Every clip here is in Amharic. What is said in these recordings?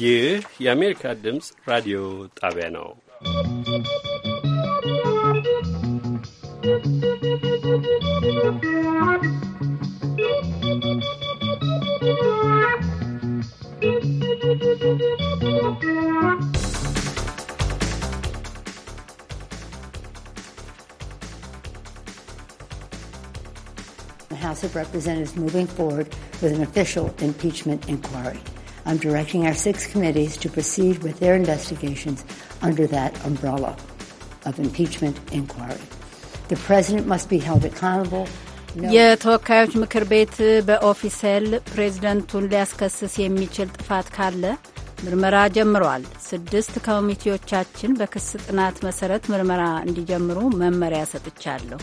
ይህ የአሜሪካ ድምፅ ራዲዮ ጣቢያ ነው። The House of Representatives moving forward with an official impeachment inquiry. I'm directing our six committees to proceed with their investigations under that umbrella of impeachment inquiry. The president must be held accountable የተወካዮች ምክር ቤት በኦፊሴል ፕሬዝደንቱን ሊያስከስስ የሚችል ጥፋት ካለ ምርመራ ጀምሯል። ስድስት ኮሚቴዎቻችን በክስ ጥናት መሰረት ምርመራ እንዲጀምሩ መመሪያ ሰጥቻለሁ።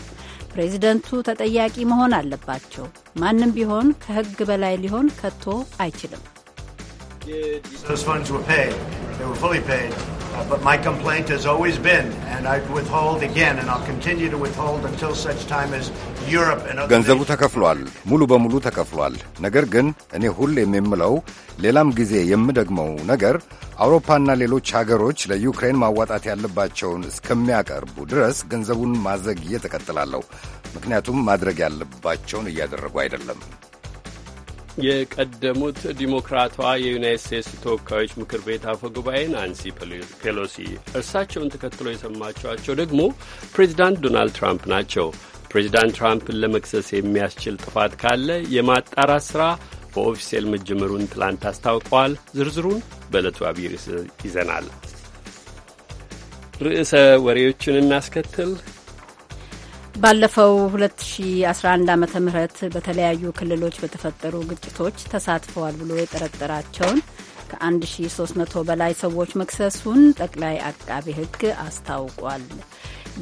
ፕሬዝደንቱ ተጠያቂ መሆን አለባቸው። ማንም ቢሆን ከሕግ በላይ ሊሆን ከቶ አይችልም። did. Those funds were paid. They were fully paid. Uh, but my complaint has always been, and I withhold again, and I'll continue to withhold until such time as Europe and other ገንዘቡ ተከፍሏል፣ ሙሉ በሙሉ ተከፍሏል። ነገር ግን እኔ ሁሌም የምለው ሌላም ጊዜ የምደግመው ነገር አውሮፓና ሌሎች ሀገሮች ለዩክሬን ማዋጣት ያለባቸውን እስከሚያቀርቡ ድረስ ገንዘቡን ማዘግየት እቀጥላለሁ። ምክንያቱም ማድረግ ያለባቸውን እያደረጉ አይደለም። የቀደሙት ዲሞክራቷ የዩናይት ስቴትስ ተወካዮች ምክር ቤት አፈ ጉባኤ ናንሲ ፔሎሲ፣ እርሳቸውን ተከትሎ የሰማችኋቸው ደግሞ ፕሬዚዳንት ዶናልድ ትራምፕ ናቸው። ፕሬዚዳንት ትራምፕን ለመክሰስ የሚያስችል ጥፋት ካለ የማጣራት ስራ በኦፊሴል መጀመሩን ትላንት አስታውቀዋል። ዝርዝሩን በዕለቱ አብይ ይዘናል። ርዕሰ ወሬዎችን እናስከትል። ባለፈው 2011 ዓ ምህረት በተለያዩ ክልሎች በተፈጠሩ ግጭቶች ተሳትፈዋል ብሎ የጠረጠራቸውን ከ1300 በላይ ሰዎች መክሰሱን ጠቅላይ አቃቤ ሕግ አስታውቋል።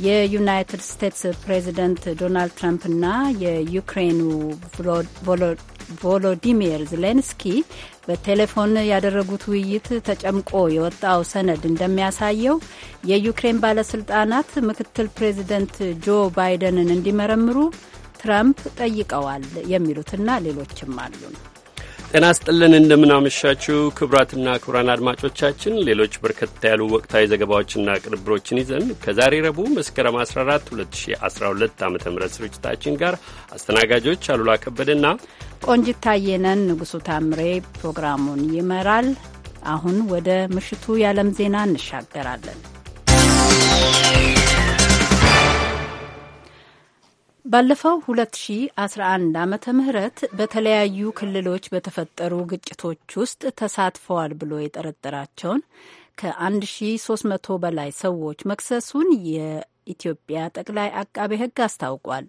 የዩናይትድ ስቴትስ ፕሬዚደንት ዶናልድ ትራምፕና የዩክሬኑ ቮሎዲሚር ዜሌንስኪ በቴሌፎን ያደረጉት ውይይት ተጨምቆ የወጣው ሰነድ እንደሚያሳየው የዩክሬን ባለስልጣናት ምክትል ፕሬዚደንት ጆ ባይደንን እንዲመረምሩ ትራምፕ ጠይቀዋል የሚሉትና ሌሎችም አሉን። ጤና ስጥልን እንደምናመሻችው ክቡራትና ክቡራን አድማጮቻችን ሌሎች በርከት ያሉ ወቅታዊ ዘገባዎችና ቅንብሮችን ይዘን ከዛሬ ረቡዕ መስከረም 14 2012 ዓ ም ስርጭታችን ጋር አስተናጋጆች አሉላ ከበደና ቆንጂት ታየነን። ንጉሱ ታምሬ ፕሮግራሙን ይመራል። አሁን ወደ ምሽቱ የዓለም ዜና እንሻገራለን። ባለፈው 2011 ዓመተ ምህረት በተለያዩ ክልሎች በተፈጠሩ ግጭቶች ውስጥ ተሳትፈዋል ብሎ የጠረጠራቸውን ከ1300 በላይ ሰዎች መክሰሱን የኢትዮጵያ ጠቅላይ አቃቤ ሕግ አስታውቋል።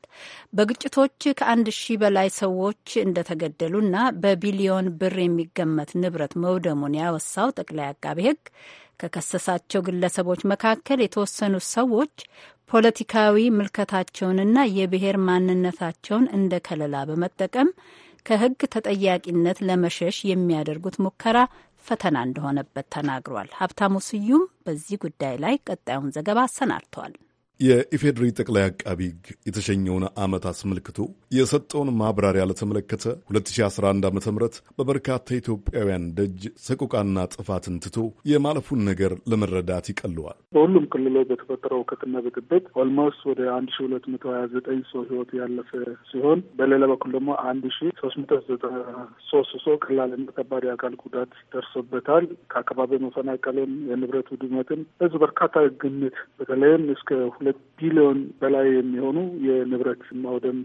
በግጭቶች ከ1000 በላይ ሰዎች እንደተገደሉና በቢሊዮን ብር የሚገመት ንብረት መውደሙን ያወሳው ጠቅላይ አቃቤ ሕግ ከከሰሳቸው ግለሰቦች መካከል የተወሰኑት ሰዎች ፖለቲካዊ ምልከታቸውንና የብሔር ማንነታቸውን እንደ ከለላ በመጠቀም ከሕግ ተጠያቂነት ለመሸሽ የሚያደርጉት ሙከራ ፈተና እንደሆነበት ተናግሯል። ሀብታሙ ስዩም በዚህ ጉዳይ ላይ ቀጣዩን ዘገባ አሰናድተዋል። የኢፌዴሪ ጠቅላይ አቃቢ ሕግ የተሸኘውን ዓመት አስመልክቶ የሰጠውን ማብራሪያ ለተመለከተ 2011 ዓ ም በበርካታ ኢትዮጵያውያን ደጅ ሰቆቃና ጥፋትን ትቶ የማለፉን ነገር ለመረዳት ይቀለዋል። በሁሉም ክልሎች በተፈጠረው ሁከትና ብጥብጥ ኦልሞስት ወደ 1229 ሰው ህይወት ያለፈ ሲሆን በሌላ በኩል ደግሞ 1393 ሰው ቀላልና ከባድ የአካል ጉዳት ደርሶበታል። ከአካባቢ መፈናቀልን፣ የንብረት ውድመትም በዚህ በርካታ ግምት በተለይም እስከ ሁለት ቢሊዮን በላይ የሚሆኑ የንብረት ማውደም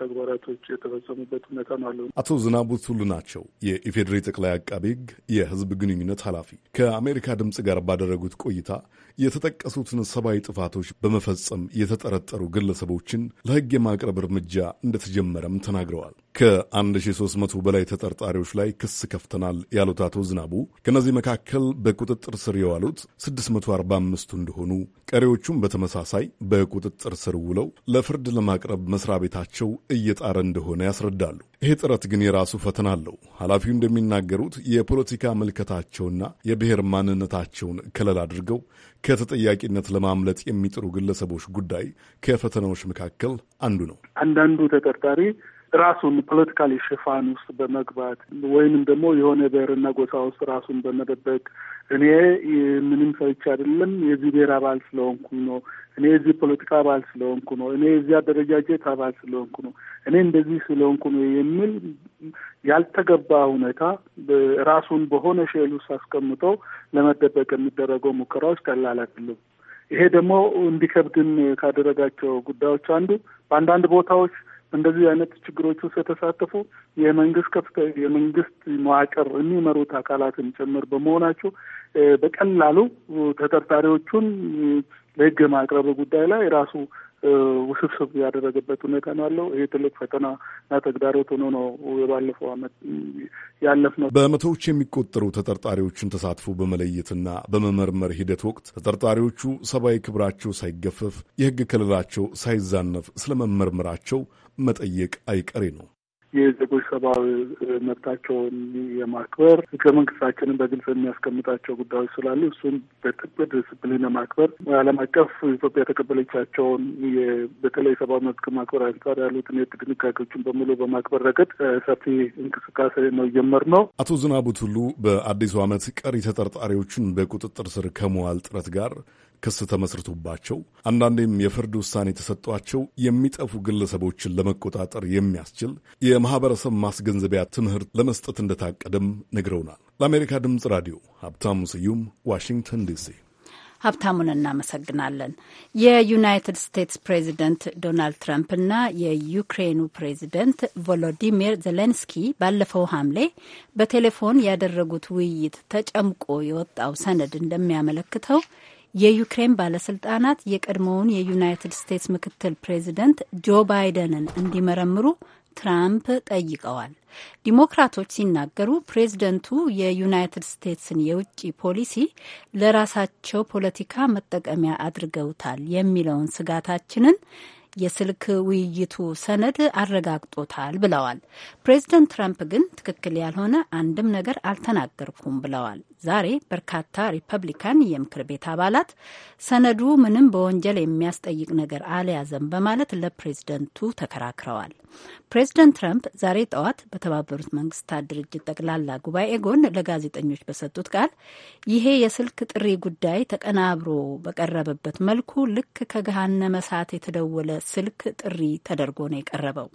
ተግባራቶች የተፈጸሙበት ሁኔታ ነው አለው። አቶ ዝናቡ ቱሉ ናቸው የኢፌዴሪ ጠቅላይ አቃቤ ሕግ የህዝብ ግንኙነት ኃላፊ። ከአሜሪካ ድምፅ ጋር ባደረጉት ቆይታ የተጠቀሱትን ሰብአዊ ጥፋቶች በመፈጸም የተጠረጠሩ ግለሰቦችን ለህግ የማቅረብ እርምጃ እንደተጀመረም ተናግረዋል። ከ1300 በላይ ተጠርጣሪዎች ላይ ክስ ከፍተናል ያሉት አቶ ዝናቡ ከእነዚህ መካከል በቁጥጥር ስር የዋሉት 645ቱ እንደሆኑ ቀሪዎቹም በተመሳሳይ በቁጥጥር ስር ውለው ለፍርድ ለማቅረብ መስሪያ ቤታቸው እየጣረ እንደሆነ ያስረዳሉ። ይሄ ጥረት ግን የራሱ ፈተና አለው። ኃላፊው እንደሚናገሩት የፖለቲካ ምልከታቸውና የብሔር ማንነታቸውን ከለል አድርገው ከተጠያቂነት ለማምለጥ የሚጥሩ ግለሰቦች ጉዳይ ከፈተናዎች መካከል አንዱ ነው። አንዳንዱ ተጠርጣሪ ራሱን ፖለቲካሊ ሽፋን ውስጥ በመግባት ወይንም ደግሞ የሆነ ብሔርና ጎሳ ውስጥ ራሱን በመደበቅ እኔ ምንም ሰዎች አይደለም የዚህ ብሔር አባል ስለሆንኩ ነው፣ እኔ የዚህ ፖለቲካ አባል ስለሆንኩ ነው፣ እኔ የዚህ አደረጃጀት አባል ስለሆንኩ ነው፣ እኔ እንደዚህ ስለሆንኩ ነው የሚል ያልተገባ ሁኔታ ራሱን በሆነ ሼል ውስጥ አስቀምጠው ለመደበቅ የሚደረገው ሙከራዎች ቀላል አይደሉም። ይሄ ደግሞ እንዲከብድን ካደረጋቸው ጉዳዮች አንዱ በአንዳንድ ቦታዎች እንደዚህ አይነት ችግሮች ውስጥ የተሳተፉ የመንግስት ከፍተ የመንግስት መዋቅር የሚመሩት አካላትን ጭምር በመሆናቸው በቀላሉ ተጠርጣሪዎቹን ለህግ ማቅረብ ጉዳይ ላይ ራሱ ውስብስብ ያደረገበት ሁኔታ ነው ያለው። ይሄ ትልቅ ፈተናና ተግዳሮት ሆኖ ነው የባለፈው ዓመት ያለፍ ነው። በመቶዎች የሚቆጠሩ ተጠርጣሪዎችን ተሳትፎ በመለየትና በመመርመር ሂደት ወቅት ተጠርጣሪዎቹ ሰብአዊ ክብራቸው ሳይገፈፍ የህግ ከለላቸው ሳይዛነፍ ስለመመርመራቸው መጠየቅ አይቀሬ ነው። የዜጎች ሰብአዊ መብታቸውን የማክበር ህገ መንግስታችንን በግልጽ የሚያስቀምጣቸው ጉዳዮች ስላሉ እሱን በጥብቅ ዲስፕሊን የማክበር ዓለም አቀፍ ኢትዮጵያ የተቀበለቻቸውን በተለይ ሰብአዊ መብት ከማክበር አንጻር ያሉትን የህግ ድንጋጌዎችን በሙሉ በማክበር ረገድ ሰፊ እንቅስቃሴ ነው የጀመርነው። አቶ ዝናቡት ሁሉ በአዲሱ ዓመት ቀሪ ተጠርጣሪዎቹን በቁጥጥር ስር ከመዋል ጥረት ጋር ክስ ተመስርቶባቸው አንዳንዴም የፍርድ ውሳኔ ተሰጥቷቸው የሚጠፉ ግለሰቦችን ለመቆጣጠር የሚያስችል የማህበረሰብ ማስገንዘቢያ ትምህርት ለመስጠት እንደታቀደም ነግረውናል። ለአሜሪካ ድምፅ ራዲዮ ሀብታሙ ስዩም ዋሽንግተን ዲሲ። ሀብታሙን እናመሰግናለን። የዩናይትድ ስቴትስ ፕሬዚደንት ዶናልድ እና የዩክሬኑ ፕሬዚደንት ቮሎዲሚር ዜሌንስኪ ባለፈው ሐምሌ በቴሌፎን ያደረጉት ውይይት ተጨምቆ የወጣው ሰነድ እንደሚያመለክተው የዩክሬን ባለስልጣናት የቀድሞውን የዩናይትድ ስቴትስ ምክትል ፕሬዚደንት ጆ ባይደንን እንዲመረምሩ ትራምፕ ጠይቀዋል። ዲሞክራቶች ሲናገሩ ፕሬዝደንቱ የዩናይትድ ስቴትስን የውጭ ፖሊሲ ለራሳቸው ፖለቲካ መጠቀሚያ አድርገውታል የሚለውን ስጋታችንን የስልክ ውይይቱ ሰነድ አረጋግጦታል ብለዋል። ፕሬዝደንት ትራምፕ ግን ትክክል ያልሆነ አንድም ነገር አልተናገርኩም ብለዋል። ዛሬ በርካታ ሪፐብሊካን የምክር ቤት አባላት ሰነዱ ምንም በወንጀል የሚያስጠይቅ ነገር አልያዘም በማለት ለፕሬዝደንቱ ተከራክረዋል። ፕሬዝደንት ትራምፕ ዛሬ ጠዋት በተባበሩት መንግስታት ድርጅት ጠቅላላ ጉባኤ ጎን ለጋዜጠኞች በሰጡት ቃል ይሄ የስልክ ጥሪ ጉዳይ ተቀናብሮ በቀረበበት መልኩ ልክ ከገሃነመ እሳት የተደወለ ስልክ ጥሪ ተደርጎ ነው የቀረበው።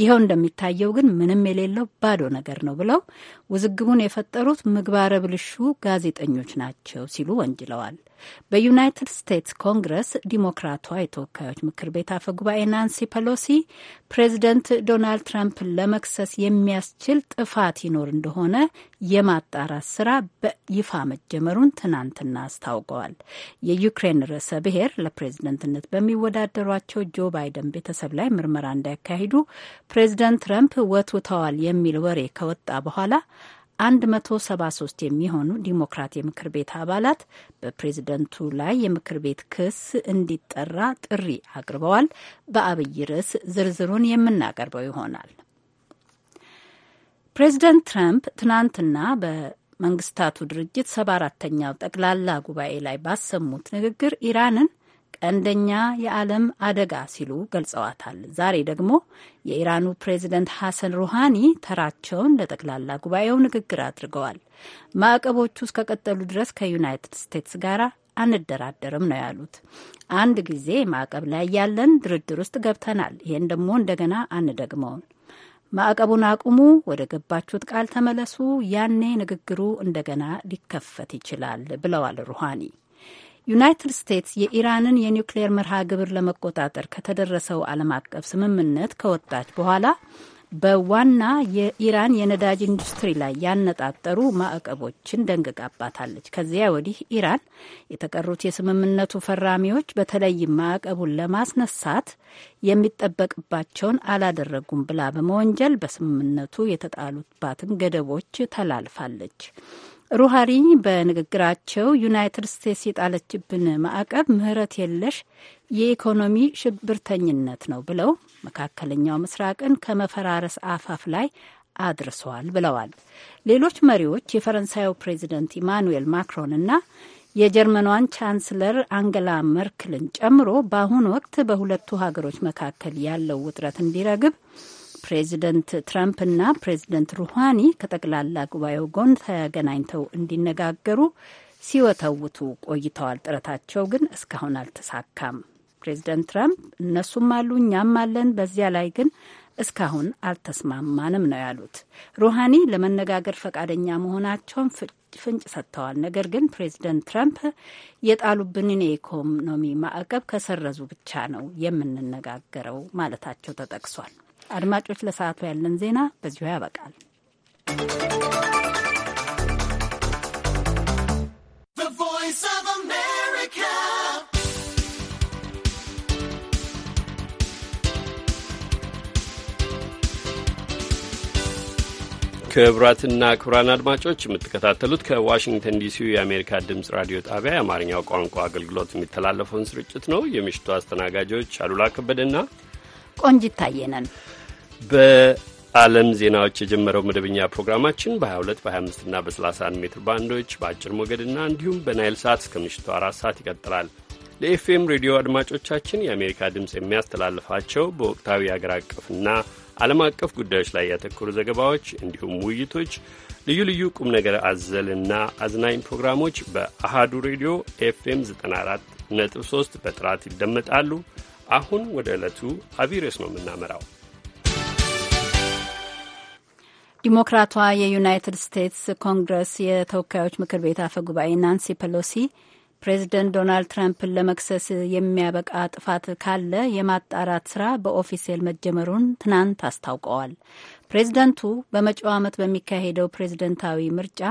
ይኸው እንደሚታየው ግን ምንም የሌለው ባዶ ነገር ነው ብለው ውዝግቡን የፈጠሩት ምግባረ ብልሹ ጋዜጠኞች ናቸው ሲሉ ወንጅለዋል። በዩናይትድ ስቴትስ ኮንግረስ ዲሞክራቷ የተወካዮች ምክር ቤት አፈ ጉባኤ ናንሲ ፐሎሲ ፕሬዚደንት ዶናልድ ትራምፕን ለመክሰስ የሚያስችል ጥፋት ይኖር እንደሆነ የማጣራት ስራ በይፋ መጀመሩን ትናንትና አስታውቀዋል። የዩክሬን ርዕሰ ብሔር ለፕሬዝደንትነት በሚወዳደሯቸው ጆ ባይደን ቤተሰብ ላይ ምርመራ እንዳያካሂዱ ፕሬዝደንት ትረምፕ ወትውተዋል የሚል ወሬ ከወጣ በኋላ 173 የሚሆኑ ዲሞክራት የምክር ቤት አባላት በፕሬዝደንቱ ላይ የምክር ቤት ክስ እንዲጠራ ጥሪ አቅርበዋል። በአብይ ርዕስ ዝርዝሩን የምናቀርበው ይሆናል። ፕሬዚደንት ትራምፕ ትናንትና በመንግስታቱ ድርጅት ሰባ አራተኛው ጠቅላላ ጉባኤ ላይ ባሰሙት ንግግር ኢራንን ቀንደኛ የዓለም አደጋ ሲሉ ገልጸዋታል። ዛሬ ደግሞ የኢራኑ ፕሬዚደንት ሐሰን ሩሃኒ ተራቸውን ለጠቅላላ ጉባኤው ንግግር አድርገዋል። ማዕቀቦቹ እስከቀጠሉ ድረስ ከዩናይትድ ስቴትስ ጋር አንደራደርም ነው ያሉት። አንድ ጊዜ ማዕቀብ ላይ ያለን ድርድር ውስጥ ገብተናል። ይህን ደግሞ እንደገና አንደግመውን ማዕቀቡን አቁሙ፣ ወደ ገባችሁት ቃል ተመለሱ፣ ያኔ ንግግሩ እንደገና ሊከፈት ይችላል ብለዋል ሩሃኒ። ዩናይትድ ስቴትስ የኢራንን የኒውክሌር መርሃ ግብር ለመቆጣጠር ከተደረሰው ዓለም አቀፍ ስምምነት ከወጣች በኋላ በዋና የኢራን የነዳጅ ኢንዱስትሪ ላይ ያነጣጠሩ ማዕቀቦችን ደንግጋባታለች። ከዚያ ወዲህ ኢራን የተቀሩት የስምምነቱ ፈራሚዎች በተለይም ማዕቀቡን ለማስነሳት የሚጠበቅባቸውን አላደረጉም ብላ በመወንጀል በስምምነቱ የተጣሉባትን ገደቦች ተላልፋለች። ሩሃሪ በንግግራቸው ዩናይትድ ስቴትስ የጣለችብን ማዕቀብ ምህረት የለሽ የኢኮኖሚ ሽብርተኝነት ነው ብለው መካከለኛው ምስራቅን ከመፈራረስ አፋፍ ላይ አድርሰዋል ብለዋል። ሌሎች መሪዎች የፈረንሳዩ ፕሬዚደንት ኢማኑኤል እና የጀርመኗን ቻንስለር አንገላ መርክልን ጨምሮ በአሁኑ ወቅት በሁለቱ ሀገሮች መካከል ያለው ውጥረት እንዲረግብ ፕሬዚደንት ትራምፕና ፕሬዚደንት ሩሃኒ ከጠቅላላ ጉባኤው ጎን ተገናኝተው እንዲነጋገሩ ሲወተውቱ ቆይተዋል። ጥረታቸው ግን እስካሁን አልተሳካም። ፕሬዚደንት ትራምፕ እነሱም አሉ እኛም አለን፣ በዚያ ላይ ግን እስካሁን አልተስማማንም ነው ያሉት። ሩሃኒ ለመነጋገር ፈቃደኛ መሆናቸውን ፍንጭ ሰጥተዋል። ነገር ግን ፕሬዚደንት ትራምፕ የጣሉብንን የኢኮኖሚ ማዕቀብ ከሰረዙ ብቻ ነው የምንነጋገረው ማለታቸው ተጠቅሷል። አድማጮች፣ ለሰዓቱ ያለን ዜና በዚሁ ያበቃል። ክቡራትና ክቡራን አድማጮች የምትከታተሉት ከዋሽንግተን ዲሲ የአሜሪካ ድምፅ ራዲዮ ጣቢያ የአማርኛው ቋንቋ አገልግሎት የሚተላለፈውን ስርጭት ነው። የምሽቱ አስተናጋጆች አሉላ ከበደና ቆንጂት ታየ ነን። በዓለም ዜናዎች የጀመረው መደበኛ ፕሮግራማችን በ22 በ25 እና በ31 ሜትር ባንዶች በአጭር ሞገድና እንዲሁም በናይል ሰዓት እስከ ምሽቱ አራት ሰዓት ይቀጥላል። ለኤፍኤም ሬዲዮ አድማጮቻችን የአሜሪካ ድምፅ የሚያስተላልፋቸው በወቅታዊ አገር አቀፍና ዓለም አቀፍ ጉዳዮች ላይ ያተኮሩ ዘገባዎች እንዲሁም ውይይቶች ልዩ ልዩ ቁም ነገር አዘልና አዝናኝ ፕሮግራሞች በአሃዱ ሬዲዮ ኤፍኤም 94 ነጥብ 3 በጥራት ይደመጣሉ። አሁን ወደ ዕለቱ አቢሬስ ነው የምናመራው። ዲሞክራቷ የዩናይትድ ስቴትስ ኮንግረስ የተወካዮች ምክር ቤት አፈ ጉባኤ ናንሲ ፔሎሲ ፕሬዚደንት ዶናልድ ትራምፕን ለመክሰስ የሚያበቃ ጥፋት ካለ የማጣራት ስራ በኦፊሴል መጀመሩን ትናንት አስታውቀዋል። ፕሬዚደንቱ በመጪው ዓመት በሚካሄደው ፕሬዚደንታዊ ምርጫ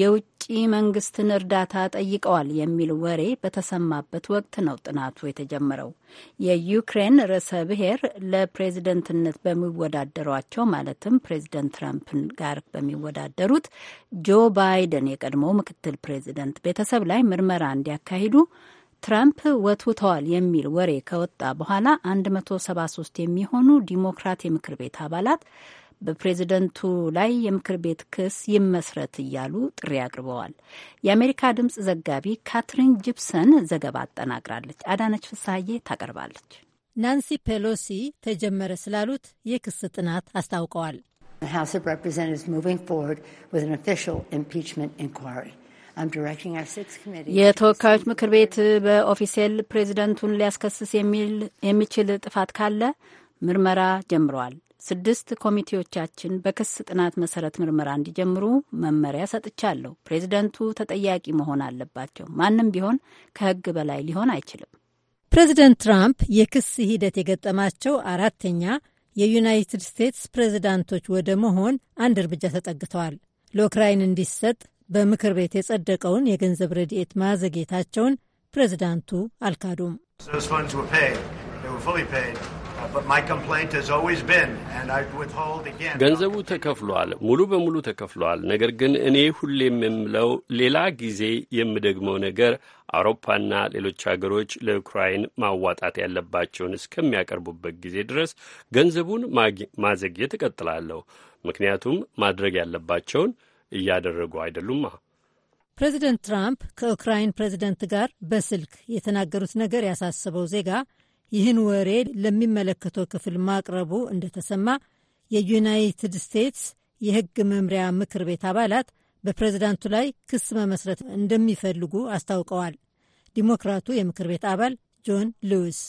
የውጭ መንግስትን እርዳታ ጠይቀዋል የሚል ወሬ በተሰማበት ወቅት ነው ጥናቱ የተጀመረው። የዩክሬን ርዕሰ ብሔር ለፕሬዝደንትነት በሚወዳደሯቸው ማለትም ፕሬዝደንት ትራምፕን ጋር በሚወዳደሩት ጆ ባይደን የቀድሞ ምክትል ፕሬዝደንት ቤተሰብ ላይ ምርመራ እንዲያካሂዱ ትራምፕ ወትውተዋል የሚል ወሬ ከወጣ በኋላ 173 የሚሆኑ ዲሞክራት የምክር ቤት አባላት በፕሬዝደንቱ ላይ የምክር ቤት ክስ ይመስረት እያሉ ጥሪ አቅርበዋል። የአሜሪካ ድምፅ ዘጋቢ ካትሪን ጂፕሰን ዘገባ አጠናቅራለች። አዳነች ፍሳሐዬ ታቀርባለች። ናንሲ ፔሎሲ ተጀመረ ስላሉት የክስ ጥናት አስታውቀዋል። የተወካዮች ምክር ቤት በኦፊሴል ፕሬዝደንቱን ሊያስከስስ የሚችል ጥፋት ካለ ምርመራ ጀምረዋል። ስድስት ኮሚቴዎቻችን በክስ ጥናት መሰረት ምርመራ እንዲጀምሩ መመሪያ ሰጥቻለሁ። ፕሬዚደንቱ ተጠያቂ መሆን አለባቸው። ማንም ቢሆን ከህግ በላይ ሊሆን አይችልም። ፕሬዚደንት ትራምፕ የክስ ሂደት የገጠማቸው አራተኛ የዩናይትድ ስቴትስ ፕሬዚዳንቶች ወደ መሆን አንድ እርምጃ ተጠግተዋል። ለኡክራይን እንዲሰጥ በምክር ቤት የጸደቀውን የገንዘብ ረድኤት ማዘግየታቸውን ፕሬዚዳንቱ አልካዱም። ገንዘቡ ተከፍሏል፣ ሙሉ በሙሉ ተከፍሏል። ነገር ግን እኔ ሁሌም የምለው ሌላ ጊዜ የምደግመው ነገር አውሮፓና ሌሎች ሀገሮች ለዩክራይን ማዋጣት ያለባቸውን እስከሚያቀርቡበት ጊዜ ድረስ ገንዘቡን ማዘግየት እቀጥላለሁ። ምክንያቱም ማድረግ ያለባቸውን እያደረጉ አይደሉም። ፕሬዚደንት ትራምፕ ከዩክራይን ፕሬዚደንት ጋር በስልክ የተናገሩት ነገር ያሳሰበው ዜጋ ይህን ወሬ ለሚመለከተው ክፍል ማቅረቡ እንደተሰማ የዩናይትድ ስቴትስ የሕግ መምሪያ ምክር ቤት አባላት በፕሬዚዳንቱ ላይ ክስ መመስረት እንደሚፈልጉ አስታውቀዋል። ዲሞክራቱ የምክር ቤት አባል ጆን ሉዊስ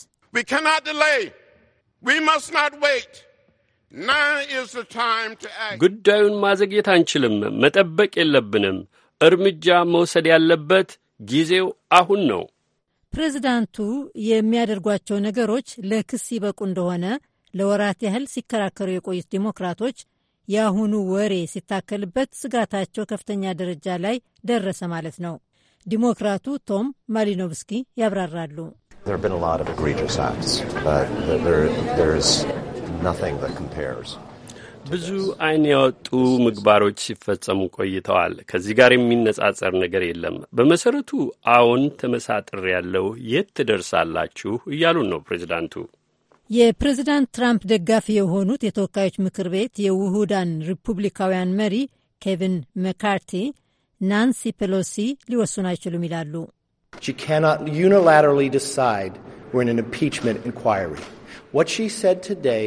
ጉዳዩን ማዘግየት አንችልም፣ መጠበቅ የለብንም። እርምጃ መውሰድ ያለበት ጊዜው አሁን ነው። ፕሬዚዳንቱ የሚያደርጓቸው ነገሮች ለክስ ይበቁ እንደሆነ ለወራት ያህል ሲከራከሩ የቆዩት ዲሞክራቶች የአሁኑ ወሬ ሲታከልበት ስጋታቸው ከፍተኛ ደረጃ ላይ ደረሰ ማለት ነው። ዲሞክራቱ ቶም ማሊኖቭስኪ ያብራራሉ። ብዙ አይን ያወጡ ምግባሮች ሲፈጸሙ ቆይተዋል። ከዚህ ጋር የሚነጻጸር ነገር የለም። በመሰረቱ አዎን ተመሳጥር ያለው የት ትደርሳላችሁ እያሉን ነው ፕሬዚዳንቱ። የፕሬዚዳንት ትራምፕ ደጋፊ የሆኑት የተወካዮች ምክር ቤት የውሁዳን ሪፑብሊካውያን መሪ ኬቪን መካርቲ ናንሲ ፔሎሲ ሊወስኑ አይችሉም ይላሉ። ዩኒላተራሊ ዲሳይድ ዌር ኢን ኢምፒችመንት ዋት ሺ ሰድ ቱዴይ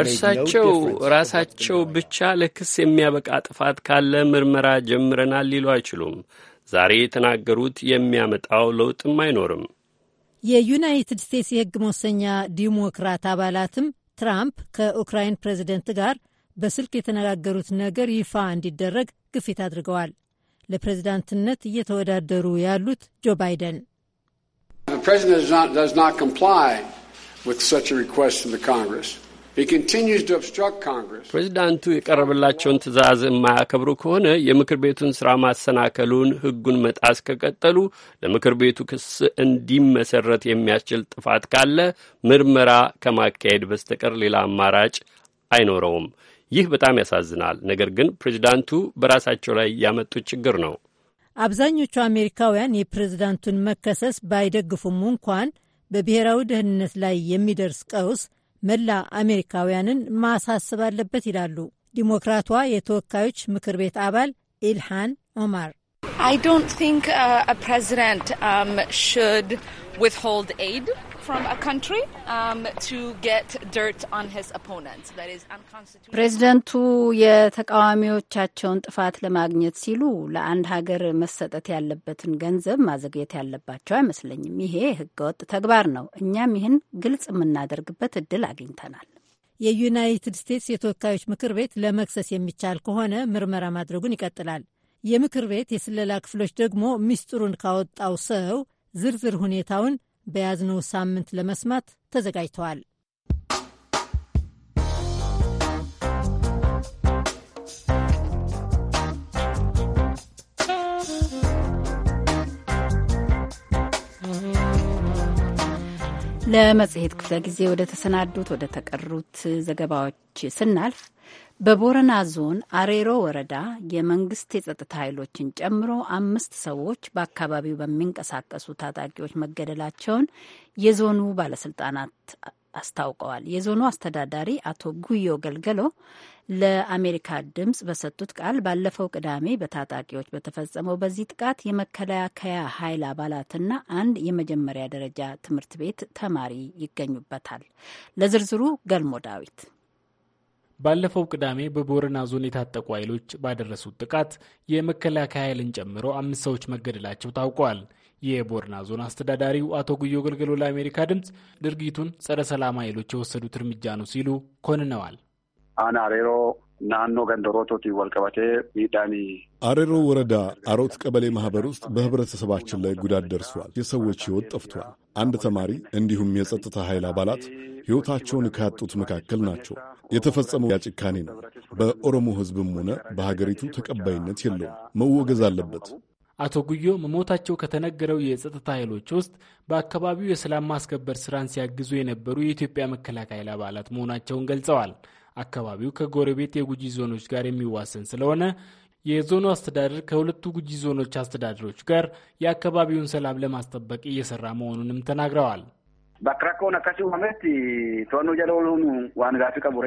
እርሳቸው ራሳቸው ብቻ ለክስ የሚያበቃ ጥፋት ካለ ምርመራ ጀምረናል ሊሉ አይችሉም። ዛሬ የተናገሩት የሚያመጣው ለውጥም አይኖርም። የዩናይትድ ስቴትስ የሕግ መወሰኛ ዲሞክራት አባላትም ትራምፕ ከኡክራይን ፕሬዚደንት ጋር በስልክ የተነጋገሩት ነገር ይፋ እንዲደረግ ግፊት አድርገዋል። ለፕሬዚዳንትነት እየተወዳደሩ ያሉት ጆ ባይደን ፕሬዚደንት ፕሬዚዳንቱ የቀረበላቸውን ትዕዛዝ የማያከብሩ ከሆነ የምክር ቤቱን ስራ ማሰናከሉን፣ ህጉን መጣስ ከቀጠሉ ለምክር ቤቱ ክስ እንዲመሰረት የሚያስችል ጥፋት ካለ ምርመራ ከማካሄድ በስተቀር ሌላ አማራጭ አይኖረውም። ይህ በጣም ያሳዝናል። ነገር ግን ፕሬዚዳንቱ በራሳቸው ላይ ያመጡት ችግር ነው። አብዛኞቹ አሜሪካውያን የፕሬዚዳንቱን መከሰስ ባይደግፉም እንኳን በብሔራዊ ደህንነት ላይ የሚደርስ ቀውስ መላ አሜሪካውያንን ማሳሰብ አለበት ይላሉ ዲሞክራቷ የተወካዮች ምክር ቤት አባል ኢልሃን ኦማር። I don't think uh, a president um, should withhold aid. Um, ፕሬዚደንቱ የተቃዋሚዎቻቸውን ጥፋት ለማግኘት ሲሉ ለአንድ ሀገር መሰጠት ያለበትን ገንዘብ ማዘግየት ያለባቸው አይመስለኝም። ይሄ ህገወጥ ተግባር ነው። እኛም ይህን ግልጽ የምናደርግበት እድል አግኝተናል። የዩናይትድ ስቴትስ የተወካዮች ምክር ቤት ለመክሰስ የሚቻል ከሆነ ምርመራ ማድረጉን ይቀጥላል። የምክር ቤት የስለላ ክፍሎች ደግሞ ምስጢሩን ካወጣው ሰው ዝርዝር ሁኔታውን በያዝነው ሳምንት ለመስማት ተዘጋጅተዋል። ለመጽሔት ክፍለ ጊዜ ወደ ተሰናዱት ወደ ተቀሩት ዘገባዎች ስናልፍ በቦረና ዞን አሬሮ ወረዳ የመንግስት የጸጥታ ኃይሎችን ጨምሮ አምስት ሰዎች በአካባቢው በሚንቀሳቀሱ ታጣቂዎች መገደላቸውን የዞኑ ባለስልጣናት አስታውቀዋል። የዞኑ አስተዳዳሪ አቶ ጉዮ ገልገሎ ለአሜሪካ ድምፅ በሰጡት ቃል ባለፈው ቅዳሜ በታጣቂዎች በተፈጸመው በዚህ ጥቃት የመከላከያ ኃይል አባላትና አንድ የመጀመሪያ ደረጃ ትምህርት ቤት ተማሪ ይገኙበታል። ለዝርዝሩ ገልሞ ዳዊት ባለፈው ቅዳሜ በቦረና ዞን የታጠቁ ኃይሎች ባደረሱት ጥቃት የመከላከያ ኃይልን ጨምሮ አምስት ሰዎች መገደላቸው ታውቋል። የቦረና ዞን አስተዳዳሪው አቶ ጉዮ ገልገሎ ለአሜሪካ ድምፅ ድርጊቱን ጸረ ሰላም ኃይሎች የወሰዱት እርምጃ ነው ሲሉ ኮንነዋል። አናሬሮ ናኖ ገንደሮቶቲ ወልቀበቴ ሚዳኒ አሬሮ ወረዳ አሮት ቀበሌ ማህበር ውስጥ በህብረተሰባችን ላይ ጉዳት ደርሷል። የሰዎች ህይወት ጠፍቷል። አንድ ተማሪ እንዲሁም የጸጥታ ኃይል አባላት ሕይወታቸውን ካጡት መካከል ናቸው። የተፈጸመው ያጭካኔ ነው። በኦሮሞ ህዝብም ሆነ በሀገሪቱ ተቀባይነት የለውም። መወገዝ አለበት። አቶ ጉዮ መሞታቸው ከተነገረው የጸጥታ ኃይሎች ውስጥ በአካባቢው የሰላም ማስከበር ስራን ሲያግዙ የነበሩ የኢትዮጵያ መከላከያ አባላት መሆናቸውን ገልጸዋል። አካባቢው ከጎረቤት የጉጂ ዞኖች ጋር የሚዋሰን ስለሆነ የዞኑ አስተዳደር ከሁለቱ ጉጂ ዞኖች አስተዳደሮች ጋር የአካባቢውን ሰላም ለማስጠበቅ እየሰራ መሆኑንም ተናግረዋል። በክራኮን አካሲ መት ቶኖ ጀለሆኑ ዋንጋፊ ቀቡሬ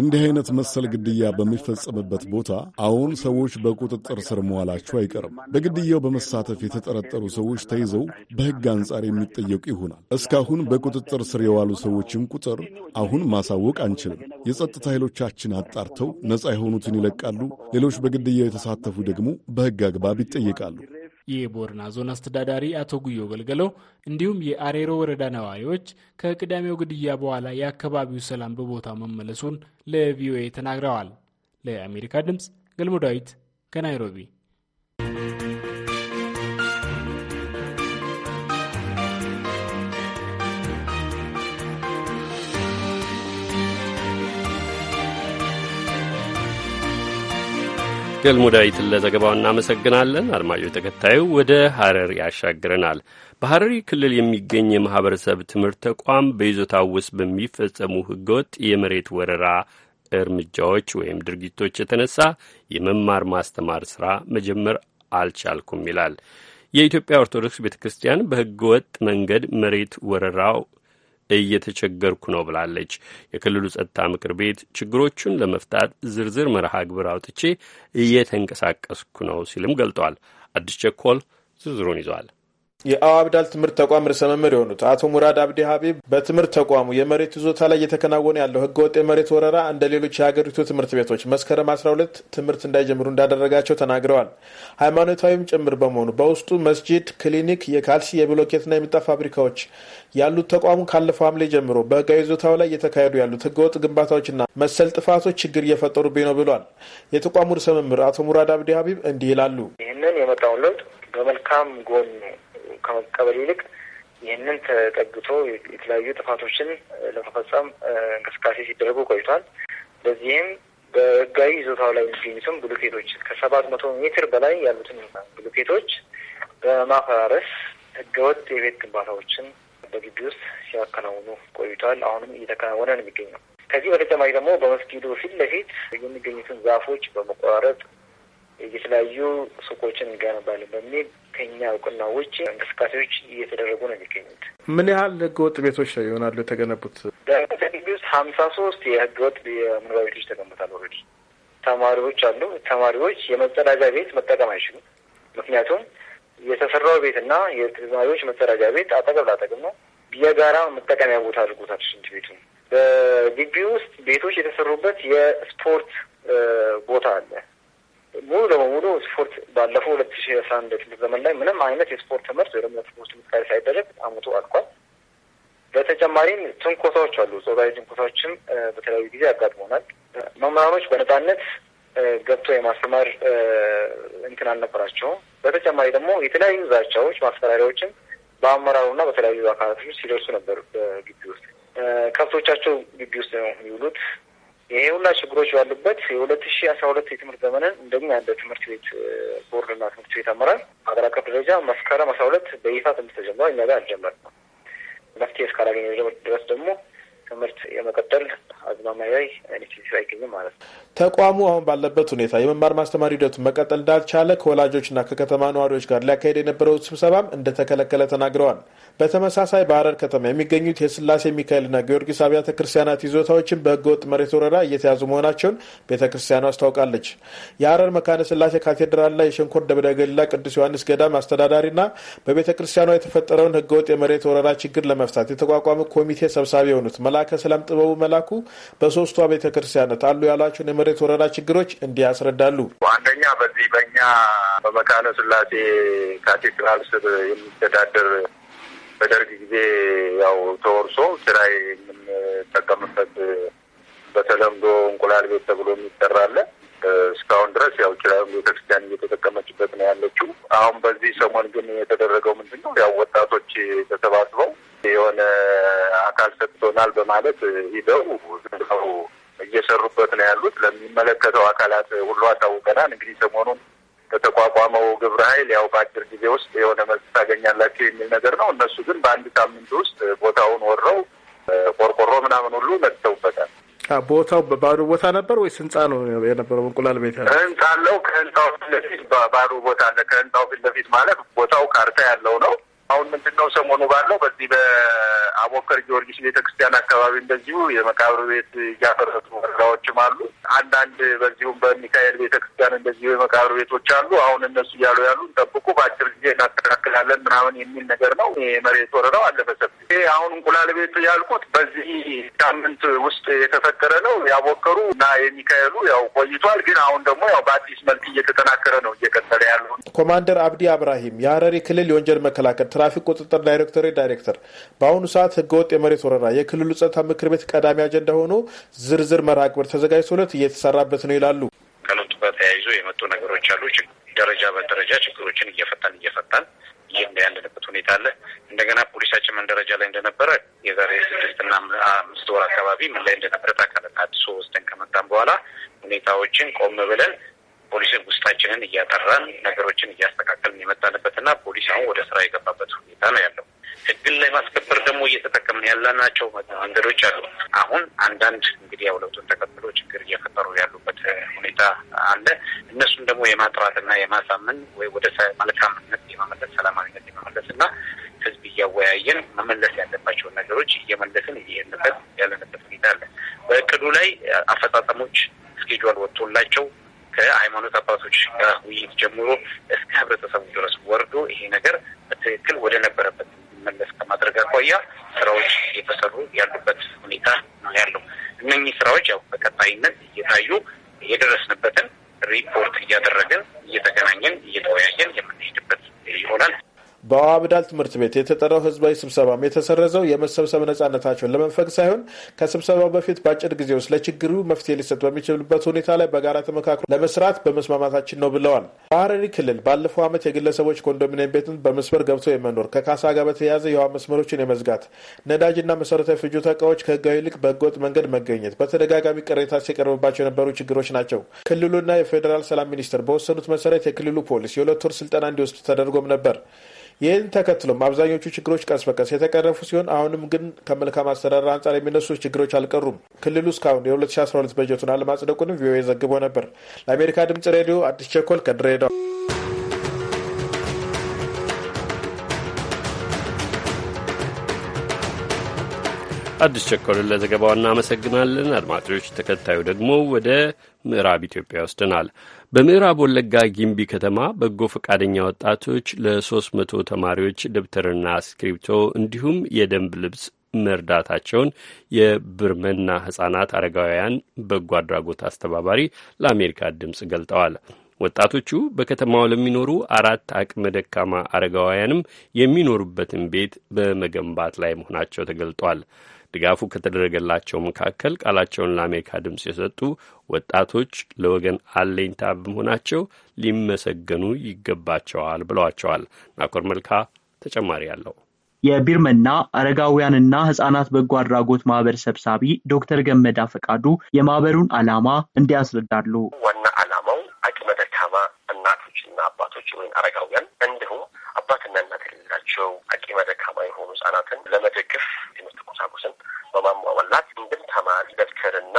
እንዲህ አይነት መሰል ግድያ በሚፈጸምበት ቦታ አሁን ሰዎች በቁጥጥር ስር መዋላቸው አይቀርም። በግድያው በመሳተፍ የተጠረጠሩ ሰዎች ተይዘው በሕግ አንጻር የሚጠየቁ ይሆናል። እስካሁን በቁጥጥር ስር የዋሉ ሰዎችን ቁጥር አሁን ማሳወቅ አንችልም። የጸጥታ ኃይሎቻችን አጣርተው ነጻ የሆኑትን ይለቃሉ። ሌሎች በግድያው የተሳተፉ ደግሞ በሕግ አግባብ ይጠየቃሉ። የቦርና ዞን አስተዳዳሪ አቶ ጉዮ ገልገለው እንዲሁም የአሬሮ ወረዳ ነዋሪዎች ከቅዳሜው ግድያ በኋላ የአካባቢው ሰላም በቦታው መመለሱን ለቪኦኤ ተናግረዋል። ለአሜሪካ ድምፅ ገልሞ ዳዊት ከናይሮቢ ገልሞ ዳዊትን ለዘገባው እናመሰግናለን። አድማጮች፣ ተከታዩ ወደ ሀረር ያሻግረናል። በሀረሪ ክልል የሚገኝ የማህበረሰብ ትምህርት ተቋም በይዞታው ውስጥ በሚፈጸሙ ህገወጥ የመሬት ወረራ እርምጃዎች ወይም ድርጊቶች የተነሳ የመማር ማስተማር ስራ መጀመር አልቻልኩም ይላል። የኢትዮጵያ ኦርቶዶክስ ቤተ ክርስቲያን በህገወጥ መንገድ መሬት ወረራው እየተቸገርኩ ነው ብላለች። የክልሉ ጸጥታ ምክር ቤት ችግሮቹን ለመፍታት ዝርዝር መርሃ ግብር አውጥቼ እየተንቀሳቀስኩ ነው ሲልም ገልጧል። አዲስ ቸኮል ዝርዝሩን ይዟል። የአዋብዳል ትምህርት ተቋም ርዕሰ መምህር የሆኑት አቶ ሙራድ አብዲ ሀቢብ በትምህርት ተቋሙ የመሬት ይዞታ ላይ እየተከናወነ ያለው ህገወጥ የመሬት ወረራ እንደ ሌሎች የሀገሪቱ ትምህርት ቤቶች መስከረም 12 ትምህርት እንዳይጀምሩ እንዳደረጋቸው ተናግረዋል። ሃይማኖታዊም ጭምር በመሆኑ በውስጡ መስጂድ፣ ክሊኒክ፣ የካልሲ የብሎኬትና የሚጣ ፋብሪካዎች ያሉት ተቋሙ ካለፈው ሐምሌ ጀምሮ በህጋዊ ይዞታው ላይ እየተካሄዱ ያሉት ህገወጥ ግንባታዎችና መሰል ጥፋቶች ችግር እየፈጠሩብኝ ነው ብሏል። የተቋሙ ርዕሰ መምህር አቶ ሙራድ አብዲ ሀቢብ እንዲህ ይላሉ። ይህንን የመጣውን ለውጥ በመልካም ጎን ከመቀበል ይልቅ ይህንን ተጠግቶ የተለያዩ ጥፋቶችን ለመፈጸም እንቅስቃሴ ሲደረጉ ቆይቷል። በዚህም በህጋዊ ይዞታው ላይ የሚገኙትን ብሎኬቶች ከሰባት መቶ ሜትር በላይ ያሉትን ብሎኬቶች በማፈራረስ ህገወጥ የቤት ግንባታዎችን በግቢ ውስጥ ሲያከናውኑ ቆይቷል። አሁንም እየተከናወነ ነው የሚገኘው። ከዚህ በተጨማሪ ደግሞ በመስጊዱ ፊት ለፊት የሚገኙትን ዛፎች በመቆራረጥ የተለያዩ ሱቆችን እንገነባለን በሚል ከኛ እውቅና ውጭ እንቅስቃሴዎች እየተደረጉ ነው የሚገኙት። ምን ያህል ህገወጥ ቤቶች ይሆናሉ የተገነቡት? በተግቢ ውስጥ ሀምሳ ሶስት የህገወጥ የመኖሪያ ቤቶች ተገንብተዋል። ኦልሬዲ ተማሪዎች አሉ። ተማሪዎች የመጸዳጃ ቤት መጠቀም አይችሉም። ምክንያቱም የተሰራው ቤትና የተማሪዎች መጸዳጃ ቤት አጠገብ ላጠገብ ነው። የጋራ መጠቀሚያ ቦታ አድርጎታል ሽንት ቤቱ። በግቢ ውስጥ ቤቶች የተሰሩበት የስፖርት ቦታ አለ። ሙሉ ለሙሉ ስፖርት ባለፈው ሁለት ሺ አስራ አንድ ትምህርት ዘመን ላይ ምንም አይነት የስፖርት ትምህርት ደግሞ ስፖርት ምትካሪ ሳይደረግ አመቱ አልቋል። በተጨማሪም ትንኮሳዎች አሉ። ጾታዊ ትንኮሳዎችም በተለያዩ ጊዜ ያጋጥመናል። መምህራኖች በነፃነት ገብቶ የማስተማር እንትን አልነበራቸውም። በተጨማሪ ደግሞ የተለያዩ ዛቻዎች፣ ማስፈራሪያዎችም በአመራሩና በተለያዩ አካላቶች ሲደርሱ ነበር። በግቢ ውስጥ ከብቶቻቸው ግቢ ውስጥ ነው የሚውሉት ይሄ ሁላ ችግሮች ባሉበት የሁለት ሺ አስራ ሁለት የትምህርት ዘመንን እንደኛ እንደ ትምህርት ቤት ቦርድና ትምህርት ቤት አመራር ሀገር አቀፍ ደረጃ መስከረም አስራ ሁለት በይፋ ትምህርት ተጀምሯል። እኛ ጋር አልጀመርም። መፍትሄ እስካላገኘ ድረስ ደግሞ ትምህርት የመቀጠል አዝማሚያ ላይ ኢኒቲቪ አይገኝም ማለት ነው። ተቋሙ አሁን ባለበት ሁኔታ የመማር ማስተማር ሂደቱን መቀጠል እንዳልቻለ ከወላጆችና ከከተማ ነዋሪዎች ጋር ሊያካሄድ የነበረው ስብሰባም እንደተከለከለ ተናግረዋል። በተመሳሳይ በሐረር ከተማ የሚገኙት የስላሴ ሚካኤልና ጊዮርጊስ አብያተ ክርስቲያናት ይዞታዎችን በህገወጥ መሬት ወረራ እየተያዙ መሆናቸውን ቤተ ክርስቲያኑ አስታውቃለች። የሐረር መካነ ስላሴ ካቴድራልና የሸንኮር ደብረ ገሊላ ቅዱስ ዮሐንስ ገዳም አስተዳዳሪና በቤተ ክርስቲያኗ የተፈጠረውን ህገወጥ የመሬት ወረራ ችግር ለመፍታት የተቋቋመ ኮሚቴ ሰብሳቢ የሆኑት መላ መላከ ሰላም ጥበቡ መላኩ በሶስቱ ቤተ ክርስቲያናት አሉ ያሏቸውን የመሬት ወረራ ችግሮች እንዲህ ያስረዳሉ። አንደኛ በዚህ በእኛ በመካነ ስላሴ ካቴድራል ስር የሚተዳደር በደርግ ጊዜ ያው ተወርሶ ስራ የምንጠቀምበት በተለምዶ እንቁላል ቤት ተብሎ የሚጠራለ እስካሁን ድረስ ያው ኪራዩን ቤተክርስቲያን እየተጠቀመችበት ነው ያለችው። አሁን በዚህ ሰሞን ግን የተደረገው ምንድን ነው ያው ወጣቶች ተሰባስበው የሆነ አካል ሰጥቶናል በማለት ሂደው ው እየሰሩበት ነው ያሉት። ለሚመለከተው አካላት ሁሉ አሳውቀናል። እንግዲህ ሰሞኑን በተቋቋመው ግብረ ኃይል ያው በአጭር ጊዜ ውስጥ የሆነ መልስ ታገኛላችሁ የሚል ነገር ነው። እነሱ ግን በአንድ ሳምንት ውስጥ ቦታውን ወረው ቆርቆሮ ምናምን ሁሉ መጥተውበታል። ቦታው ባዶ ቦታ ነበር ወይስ ህንጻ ነው የነበረው? እንቁላል ቤት ህንጻ አለው። ከህንጻው ፊት ለፊት ባዶ ቦታ አለ። ከህንጻው ፊት ለፊት ማለት ቦታው ካርታ ያለው ነው አሁን ምንድነው ሰሞኑ ባለው በዚህ በአቦከር ጊዮርጊስ ቤተክርስቲያን አካባቢ እንደዚሁ የመቃብር ቤት እያፈረሱ ወረዳዎችም አሉ። አንዳንድ በዚሁም በሚካኤል ቤተክርስቲያን እንደዚሁ የመቃብር ቤቶች አሉ። አሁን እነሱ እያሉ ያሉ ጠብቁ፣ በአጭር ጊዜ እናስተካክላለን ምናምን የሚል ነገር ነው። የመሬት ወረዳው አለበሰብ አሁን እንቁላል ቤት ያልኩት በዚህ ሳምንት ውስጥ የተፈጠረ ነው። ያቦከሩ እና የሚካኤሉ ያው ቆይቷል፣ ግን አሁን ደግሞ ያው በአዲስ መልክ እየተጠናከረ ነው እየቀጠለ ያለው። ኮማንደር አብዲ አብራሂም የሀረሪ ክልል የወንጀል መከላከል የትራፊክ ቁጥጥር ዳይሬክቶሬት ዳይሬክተር በአሁኑ ሰዓት ህገወጥ የመሬት ወረራ የክልሉ ጸጥታ ምክር ቤት ቀዳሚ አጀንዳ ሆኖ ዝርዝር መርሃ ግብር ተዘጋጅቶለት እየተሰራበት ነው ይላሉ። ከለውጡ ጋር ተያይዞ የመጡ ነገሮች አሉ። ደረጃ በደረጃ ችግሮችን እየፈታን እየፈታን ይህም ያለንበት ሁኔታ አለ። እንደገና ፖሊሳችን ምን ደረጃ ላይ እንደነበረ የዛሬ ስድስትና አምስት ወር አካባቢ ምን ላይ እንደነበረ ታውቃለህ። አዲሱ ወስደን ከመጣን በኋላ ሁኔታዎችን ቆም ብለን ፖሊስን ውስጣችንን እያጠራን ነገሮችን እያስተካከልን የመጣንበትና ፖሊስ አሁን ወደ ስራ የገባበት ሁኔታ ነው ያለው። ህግን ለማስከበር ደግሞ እየተጠቀምን ያላናቸው መንገዶች አሉ። አሁን አንዳንድ እንግዲህ ያው ተከትሎ ችግር እየፈጠሩ ያሉበት ሁኔታ አለ። እነሱን ደግሞ የማጥራትና የማሳመን ወይ ወደ መልካምነት የመመለስ ሰላማዊነት የመመለስ እና ህዝብ እያወያየን መመለስ ያለባቸውን ነገሮች እየመለስን እየሄድንበት ያለንበት ሁኔታ አለ። በእቅዱ ላይ አፈጻጸሞች እስኬጁል ወጥቶላቸው ከሃይማኖት አባቶች ጋር ውይይት ጀምሮ እስከ ህብረተሰቡ ድረስ ወርዶ ይሄ ነገር በትክክል ወደ ነበረበት መለስ ከማድረግ አኳያ ስራዎች የተሰሩ ያሉበት ሁኔታ ነው ያለው። እነኚህ ስራዎች ያው በቀጣይነት እየታዩ የደረስንበትን ሪፖርት እያደረግን እየተገናኘን እየተወያየን የምንሄድበት ይሆናል። በአዋብዳል ትምህርት ቤት የተጠራው ህዝባዊ ስብሰባም የተሰረዘው የመሰብሰብ ነጻነታቸውን ለመንፈግ ሳይሆን ከስብሰባው በፊት በአጭር ጊዜ ውስጥ ለችግሩ መፍትሄ ሊሰጥ በሚችልበት ሁኔታ ላይ በጋራ ተመካክሮ ለመስራት በመስማማታችን ነው ብለዋል። በሐረሪ ክልል ባለፈው ዓመት የግለሰቦች ኮንዶሚኒየም ቤትን በመስበር ገብቶ የመኖር ከካሳ ጋር በተያያዘ የውሃ መስመሮችን የመዝጋት ነዳጅና መሰረታዊ ፍጆታ እቃዎች ከህጋዊ ይልቅ በህገወጥ መንገድ መገኘት በተደጋጋሚ ቅሬታ ሲቀርብባቸው የነበሩ ችግሮች ናቸው። ክልሉና የፌዴራል ሰላም ሚኒስቴር በወሰኑት መሰረት የክልሉ ፖሊስ የሁለት ወር ስልጠና እንዲወስድ ተደርጎም ነበር። ይህን ተከትሎም አብዛኞቹ ችግሮች ቀስ በቀስ የተቀረፉ ሲሆን አሁንም ግን ከመልካም አስተዳደር አንጻር የሚነሱ ችግሮች አልቀሩም። ክልሉ እስካሁን የ2012 በጀቱን አለማጽደቁንም ቪኦኤ ዘግቦ ነበር። ለአሜሪካ ድምጽ ሬዲዮ አዲስ ቸኮል ከድሬዳዋ አዲስ ቸኮልን ለዘገባው እናመሰግናለን። አድማጮች፣ ተከታዩ ደግሞ ወደ ምዕራብ ኢትዮጵያ ይወስደናል። በምዕራብ ወለጋ ጊምቢ ከተማ በጎ ፈቃደኛ ወጣቶች ለሶስት መቶ ተማሪዎች ደብተርና እስክሪብቶ እንዲሁም የደንብ ልብስ መርዳታቸውን የብርመና ህጻናት አረጋውያን በጎ አድራጎት አስተባባሪ ለአሜሪካ ድምፅ ገልጠዋል። ወጣቶቹ በከተማው ለሚኖሩ አራት አቅመ ደካማ አረጋውያንም የሚኖሩበትን ቤት በመገንባት ላይ መሆናቸው ተገልጧል። ድጋፉ ከተደረገላቸው መካከል ቃላቸውን ለአሜሪካ ድምፅ የሰጡ ወጣቶች ለወገን አለኝታ በመሆናቸው ሊመሰገኑ ይገባቸዋል ብለዋቸዋል። ናኮር መልካ ተጨማሪ አለው። የቢርመና አረጋውያንና ህጻናት በጎ አድራጎት ማህበር ሰብሳቢ ዶክተር ገመዳ ፈቃዱ የማህበሩን ዓላማ እንዲያስረዳሉ። ዋና ዓላማው አቅመ ደካማ እናቶችና አባቶች ወይም አረጋውያን እንዲሁም አባትና እናት የሌላቸው አቅመ ደካማ የሆኑ ህጻናትን ለመደገፍ ትምህርት ቁሳቁስን በማሟላት እንድም ተማሪ ደብተርና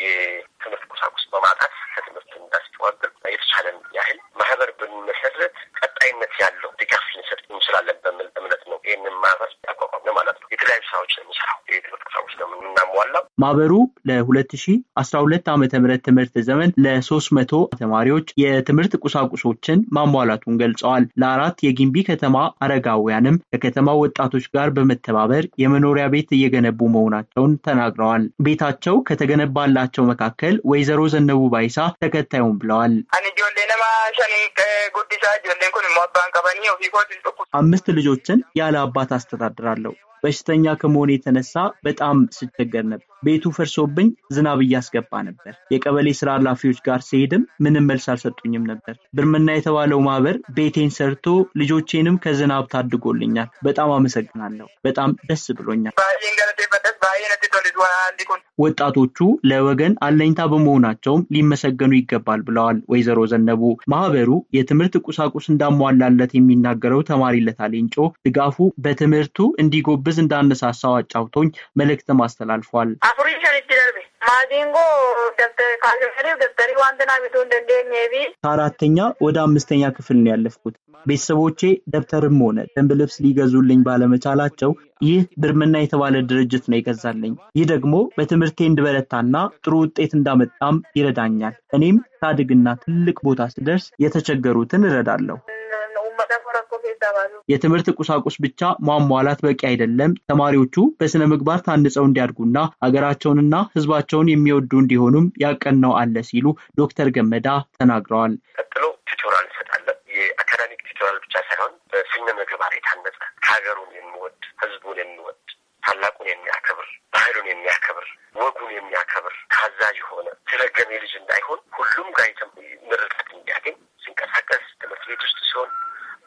የትምህርት ቁሳቁስ በማጣት ከትምህርት እንዳስጨዋግል የተቻለን ያህል ማህበር ብንመሰረት ቀጣይነት ያለው ድጋፍ ልንሰጥ እንችላለን በሚል እምነት ነው ይህንን ማህበር ያቋቋምነው ማለት ነው። የተለያዩ ስራዎች ነው የሚሰራው። የትምህርት ቁሳቁስ ነው የምናሟላው። ማህበሩ ለሁለት ሺ አስራ ሁለት ዓመተ ምህረት ትምህርት ዘመን ለሶስት መቶ ተማሪዎች የትምህርት ቁሳቁሶችን ማሟላቱን ገልጸዋል። ለአራት የጊምቢ ከተማ አረጋውያንም ከከተማ ወጣቶች ጋር በመተባበር የመኖሪያ ቤት እየገነቡ መሆናቸውን ተናግረዋል። ቤታቸው ከተገነባላቸው መካከል ወይዘሮ ዘነቡ ባይሳ ተከታዩም ብለዋል። አምስት ልጆችን ያለ አባት አስተዳድራለሁ። በሽተኛ ከመሆን የተነሳ በጣም ስቸገር ነበር። ቤቱ ፈርሶብኝ ዝናብ እያስገባ ነበር። የቀበሌ ስራ ኃላፊዎች ጋር ስሄድም ምንም መልስ አልሰጡኝም ነበር። ብርምና የተባለው ማህበር ቤቴን ሰርቶ ልጆቼንም ከዝናብ ታድጎልኛል። በጣም አመሰግናለሁ። በጣም ደስ ብሎኛል። ወጣቶቹ ለወገን አለኝታ በመሆናቸውም ሊመሰገኑ ይገባል ብለዋል ወይዘሮ ዘነቡ። ማህበሩ የትምህርት ቁሳቁስ እንዳሟላለት የሚናገረው ተማሪለት አሌንጮ ድጋፉ በትምህርቱ እንዲጎብዝ እንዳነሳሳው አጫውቶኝ መልእክትም አስተላልፏል። afurii shanitti darbe ከአራተኛ ወደ አምስተኛ ክፍል ነው ያለፍኩት። ቤተሰቦቼ ደብተርም ሆነ ደንብ ልብስ ሊገዙልኝ ባለመቻላቸው ይህ ብርምና የተባለ ድርጅት ነው ይገዛልኝ። ይህ ደግሞ በትምህርቴ እንድበረታና ጥሩ ውጤት እንዳመጣም ይረዳኛል። እኔም ታድግና ትልቅ ቦታ ስደርስ የተቸገሩትን እረዳለሁ። የትምህርት ቁሳቁስ ብቻ ማሟላት በቂ አይደለም። ተማሪዎቹ በስነ ምግባር ታንጸው እንዲያድጉና ሀገራቸውንና ህዝባቸውን የሚወዱ እንዲሆኑም ያቀናው አለ ሲሉ ዶክተር ገመዳ ተናግረዋል። ቀጥሎ ቲቶራል እንሰጣለን። የአካዳሚክ ቲቶራል ብቻ ሳይሆን በስነ ምግባር የታነጸ ሀገሩን የሚወድ ህዝቡን የሚወድ ታላቁን የሚያከብር ባህሉን የሚያከብር ወጉን የሚያከብር ታዛዥ የሆነ ተረገሜ ልጅ እንዳይሆን ሁሉም ጋር ምርቃት እንዲያገኝ ሲንቀሳቀስ ትምህርት ቤት ውስጥ ሲሆን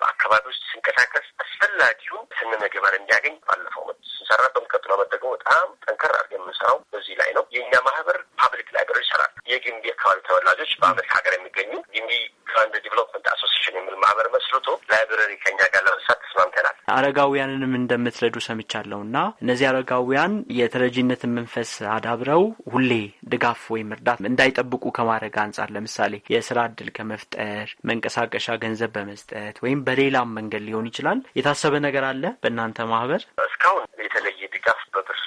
በአካባቢዎች ሲንቀሳቀስ አስፈላጊው ስነ ምግባር እንዲያገኝ ባለፈው ስንሰራ በሚቀጥለው ዓመት ደግሞ በጣም ጠንከር አድርገን የምንሰራው በዚህ ላይ ነው። የእኛ ማህበር ፓብሊክ ላይብረሪ ይሰራል። የግንቢ አካባቢ ተወላጆች በአሜሪካ ሀገር የሚገኙ ግንቢ ግራንድ ዲቨሎፕመንት አሶሲሽን የሚል ማህበር መስርቶ ላይብረሪ ከኛ ጋር ለመስራት ተስማምተናል። አረጋውያንንም እንደምትረዱ ሰምቻለሁ እና እነዚህ አረጋውያን የተረጂነትን መንፈስ አዳብረው ሁሌ ድጋፍ ወይም እርዳት እንዳይጠብቁ ከማድረግ አንጻር ለምሳሌ የስራ እድል ከመፍጠር መንቀሳቀሻ ገንዘብ በመስጠት ወይም በሌላም መንገድ ሊሆን ይችላል። የታሰበ ነገር አለ በእናንተ ማህበር? እስካሁን የተለየ ድጋፍ በብር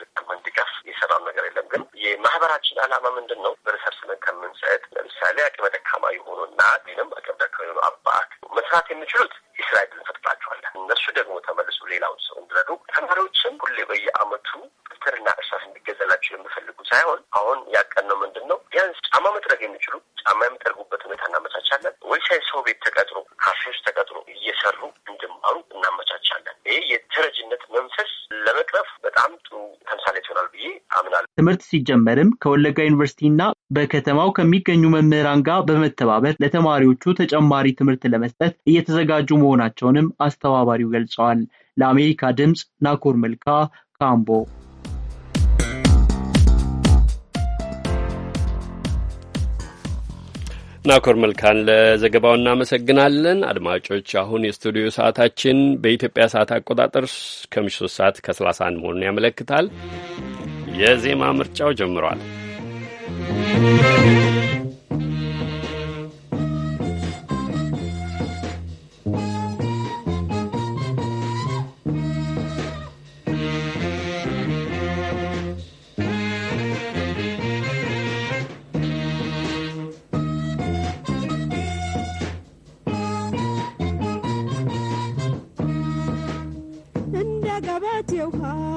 ድጋፍ የሰራው ነገር የለም። ግን የማህበራችን አላማ ምንድን ነው? በሪሰርች ላይ ከምንሰጥ ለምሳሌ አቅመ ደካማ የሆኑ እናት ወይም አቅመ ደካማ የሆኑ አባት መስራት የሚችሉት የስራ ዕድል እነሱ ደግሞ ተመልሶ ሌላውን ሰው እንዲረዱ ተማሪዎችም ሁሌ በየአመቱ ደብተርና እርሳስ እንዲገዛላቸው የሚፈልጉ ሳይሆን አሁን ያቀን ነው ምንድን ነው ቢያንስ ጫማ መጥረግ የሚችሉ ጫማ የሚጠርጉበት ሁኔታ እናመቻቻለን። ወይ ሳይ ሰው ቤት ተቀጥሮ ካፌዎች ተቀጥሮ እንዲሰሩ እንዲማሩ እናመቻቻለን። ይህ የተረጅነት መንፈስ ለመቅረፍ በጣም ጥሩ ተምሳሌ ይሆናል ብዬ አምናለሁ። ትምህርት ሲጀመርም ከወለጋ ዩኒቨርሲቲና በከተማው ከሚገኙ መምህራን ጋር በመተባበር ለተማሪዎቹ ተጨማሪ ትምህርት ለመስጠት እየተዘጋጁ መሆናቸውንም አስተባባሪው ገልጸዋል። ለአሜሪካ ድምፅ ናኮር መልካ ካምቦ ናኮር መልካን ለዘገባው እናመሰግናለን። አድማጮች አሁን የስቱዲዮ ሰዓታችን በኢትዮጵያ ሰዓት አቆጣጠር ከምሽቱ ሶስት ሰዓት ከ31 መሆኑን ያመለክታል። የዜማ ምርጫው ጀምሯል። so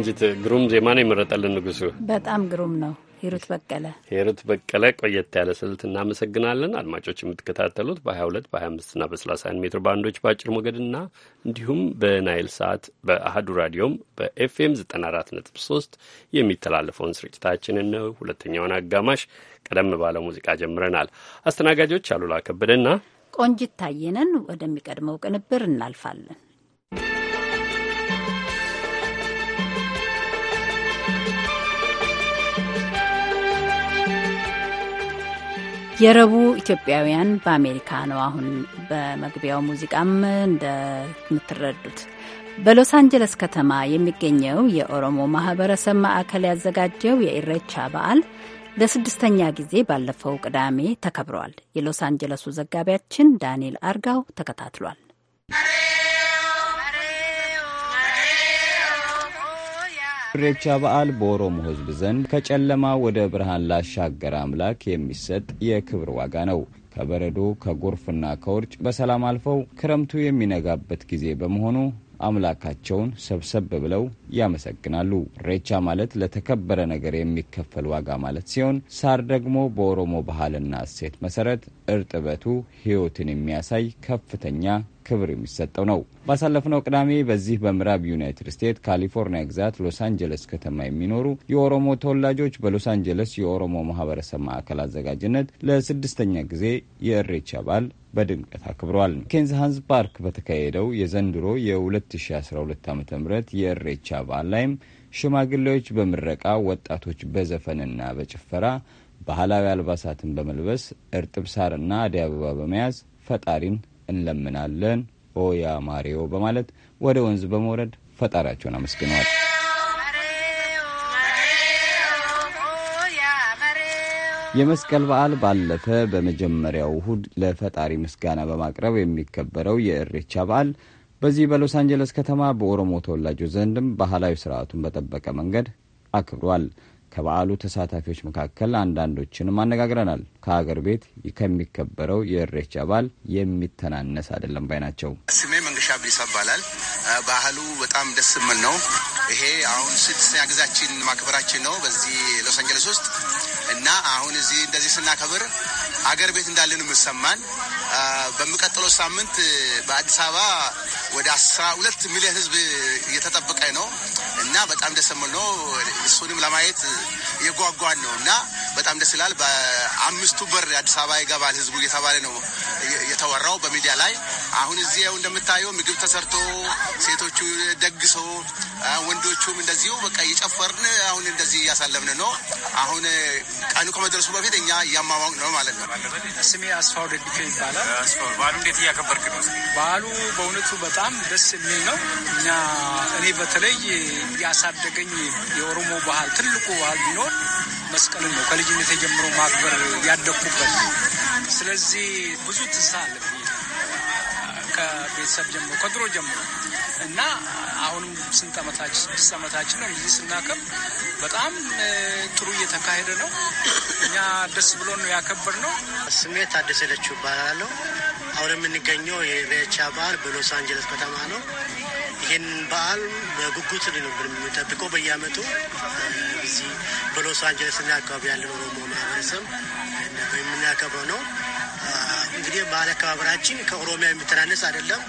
ቆንጅት ግሩም ዜማ ነው የመረጠልን ንጉሱ። በጣም ግሩም ነው። ሄሩት በቀለ ሄሩት በቀለ ቆየት ያለ ስልት እናመሰግናለን። አድማጮች የምትከታተሉት በ22 በ25ና በ31 ሜትር ባንዶች በአጭር ሞገድና እንዲሁም በናይል ሰዓት በአህዱ ራዲዮም በኤፍኤም 943 የሚተላለፈውን ስርጭታችንን ነው። ሁለተኛውን አጋማሽ ቀደም ባለው ሙዚቃ ጀምረናል። አስተናጋጆች አሉላ ከበደና ቆንጅት ታየነን። ወደሚቀድመው ቅንብር እናልፋለን። የረቡዕ ኢትዮጵያውያን በአሜሪካ ነው። አሁን በመግቢያው ሙዚቃም እንደምትረዱት በሎስ አንጀለስ ከተማ የሚገኘው የኦሮሞ ማህበረሰብ ማዕከል ያዘጋጀው የኢሬቻ በዓል ለስድስተኛ ጊዜ ባለፈው ቅዳሜ ተከብሯል። የሎስ አንጀለሱ ዘጋቢያችን ዳንኤል አርጋው ተከታትሏል። ኢሬቻ በዓል በኦሮሞ ሕዝብ ዘንድ ከጨለማ ወደ ብርሃን ላሻገረ አምላክ የሚሰጥ የክብር ዋጋ ነው። ከበረዶ ከጎርፍና ከውርጭ በሰላም አልፈው ክረምቱ የሚነጋበት ጊዜ በመሆኑ አምላካቸውን ሰብሰብ ብለው ያመሰግናሉ። ሬቻ ማለት ለተከበረ ነገር የሚከፈል ዋጋ ማለት ሲሆን፣ ሳር ደግሞ በኦሮሞ ባህልና እሴት መሰረት እርጥበቱ ሕይወትን የሚያሳይ ከፍተኛ ክብር የሚሰጠው ነው። ባሳለፍነው ቅዳሜ በዚህ በምዕራብ ዩናይትድ ስቴትስ ካሊፎርኒያ ግዛት ሎስ አንጀለስ ከተማ የሚኖሩ የኦሮሞ ተወላጆች በሎስ አንጀለስ የኦሮሞ ማህበረሰብ ማዕከል አዘጋጅነት ለስድስተኛ ጊዜ የእሬቻ በዓል በድምቀት አክብሯል። ኬንዝ ሃንዝ ፓርክ በተካሄደው የዘንድሮ የ2012 ዓ ም የእሬቻ በዓል ላይም ሽማግሌዎች በምረቃ ወጣቶች በዘፈንና በጭፈራ ባህላዊ አልባሳትን በመልበስ እርጥብ ሳርና አደይ አበባ በመያዝ ፈጣሪን እንለምናለን ኦያ ማሪዮ በማለት ወደ ወንዝ በመውረድ ፈጣሪያቸውን አመስግነዋል። የመስቀል በዓል ባለፈ በመጀመሪያው እሁድ ለፈጣሪ ምስጋና በማቅረብ የሚከበረው የእሬቻ በዓል በዚህ በሎስ አንጀለስ ከተማ በኦሮሞ ተወላጆች ዘንድም ባህላዊ ስርዓቱን በጠበቀ መንገድ አክብሯል። ከበዓሉ ተሳታፊዎች መካከል አንዳንዶችንም አነጋግረናል። ከሀገር ቤት ከሚከበረው የእሬቻ በዓል የሚተናነስ አይደለም ባይ ናቸው። ስሜ መንገሻ ብሊሳ ይባላል። ባህሉ በጣም ደስ የሚል ነው። ይሄ አሁን ስድስተኛ ጊዜያችን ማክበራችን ነው በዚህ ሎስ አንጀለስ ውስጥ እና አሁን እዚህ እንደዚህ ስናከብር አገር ቤት እንዳለን የምሰማን በሚቀጥለው ሳምንት በአዲስ አበባ ወደ አስራ ሁለት ሚሊዮን ህዝብ እየተጠበቀ ነው እና በጣም ደስ የሚል ነው። እሱንም ለማየት እየጓጓን ነው እና በጣም ደስ ይላል። በአምስቱ በር አዲስ አበባ ይገባል ህዝቡ እየተባለ ነው የተወራው በሚዲያ ላይ አሁን እዚህ እንደምታየው ምግብ ተሰርቶ ሴቶቹ ደግሶ ወንዶቹም እንደዚሁ በቃ እየጨፈርን አሁን እንደዚህ እያሳለፍን ነው። አሁን ቀኑ ከመድረሱ በፊት እኛ እያማማቅ ነው ማለት ነው። ስሜ አስፋው ደግፌ ይባላል። በዓሉ እንዴት እያከበርክ ነው? በዓሉ በእውነቱ በጣም ደስ የሚል ነው። እኛ እኔ በተለይ ያሳደገኝ የኦሮሞ ባህል ትልቁ ባህል ቢኖር መስቀልን ነው። ከልጅነት የጀምሮ ማክበር ያደግኩበት። ስለዚህ ብዙ ትንሳ አለ ከቤተሰብ ጀምሮ ከድሮ ጀምሮ እና አሁንም ስንት ዓመታችን ስድስት ዓመታችን ነው እንደዚህ ስናከብር በጣም ጥሩ እየተካሄደ ነው። እኛ ደስ ብሎ ነው ያከበር ነው። ስሜት ታደሰ ለችው እባላለሁ። አሁን የምንገኘው የኢሬቻ በዓል በሎስ አንጀለስ ከተማ ነው። ይህን በዓል በጉጉት ነው የምንጠብቀው። በየዓመቱ በሎስ አንጀለስ እና አካባቢ ያለው ኦሮሞ ማህበረሰብ የምናከብረው ነው። እንግዲህ ባህል አከባበራችን ከኦሮሚያ የሚተናነስ አይደለም።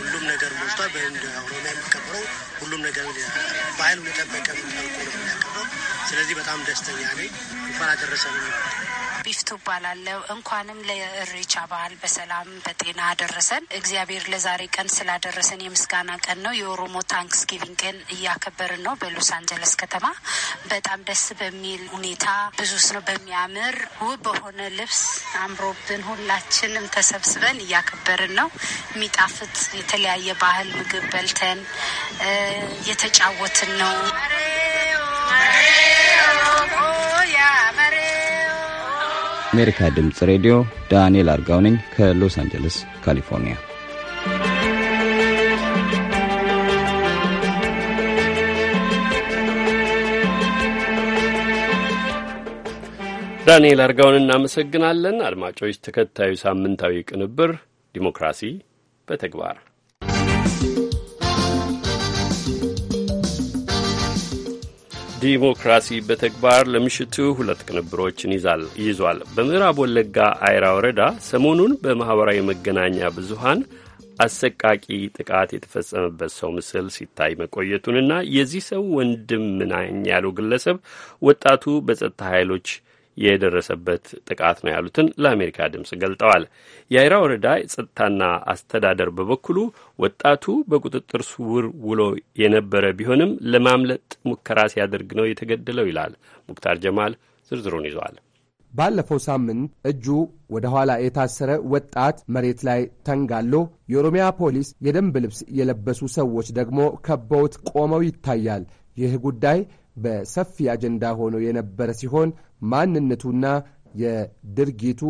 ሁሉም ነገር ሞልቷል። በህንድ ኦሮሚያ የሚከበረው ሁሉም ነገር ባህል የጠበቀ ነው። ስለዚህ በጣም ደስተኛ ነኝ። እንኳን አደረሰን። ቢፍቱ እባላለሁ። እንኳንም ለእሬቻ በዓል በሰላም በጤና አደረሰን። እግዚአብሔር ለዛሬ ቀን ስላደረሰን የምስጋና ቀን ነው። የኦሮሞ ታንክስጊቪንግ ቀን እያከበርን ነው በሎስ አንጀለስ ከተማ በጣም ደስ በሚል ሁኔታ ብዙ ነው በሚያምር ውብ በሆነ ልብስ አምሮብን ሁላችንም ተሰብስበን እያከበርን ነው። የሚጣፍጥ የተለያየ ባህል ምግብ በልተን የተጫወትን ነው። አሜሪካ ድምፅ ሬዲዮ ዳንኤል አርጋው ነኝ ከሎስ አንጀለስ ካሊፎርኒያ። ዳንኤል አርጋውን እናመሰግናለን። አድማጮች፣ ተከታዩ ሳምንታዊ ቅንብር ዲሞክራሲ በተግባር ዲሞክራሲ በተግባር ለምሽቱ ሁለት ቅንብሮችን ይዟል። በምዕራብ ወለጋ አይራ ወረዳ ሰሞኑን በማኅበራዊ መገናኛ ብዙሃን አሰቃቂ ጥቃት የተፈጸመበት ሰው ምስል ሲታይ መቆየቱንና የዚህ ሰው ወንድም ምናኝ ያለው ግለሰብ ወጣቱ በጸጥታ ኃይሎች የደረሰበት ጥቃት ነው ያሉትን ለአሜሪካ ድምፅ ገልጠዋል። የአይራ ወረዳ የጸጥታና አስተዳደር በበኩሉ ወጣቱ በቁጥጥር ስር ውሎ የነበረ ቢሆንም ለማምለጥ ሙከራ ሲያደርግ ነው የተገደለው ይላል። ሙክታር ጀማል ዝርዝሩን ይዟል። ባለፈው ሳምንት እጁ ወደ ኋላ የታሰረ ወጣት መሬት ላይ ተንጋሎ የኦሮሚያ ፖሊስ የደንብ ልብስ የለበሱ ሰዎች ደግሞ ከበውት ቆመው ይታያል። ይህ ጉዳይ በሰፊ አጀንዳ ሆኖ የነበረ ሲሆን ማንነቱና የድርጊቱ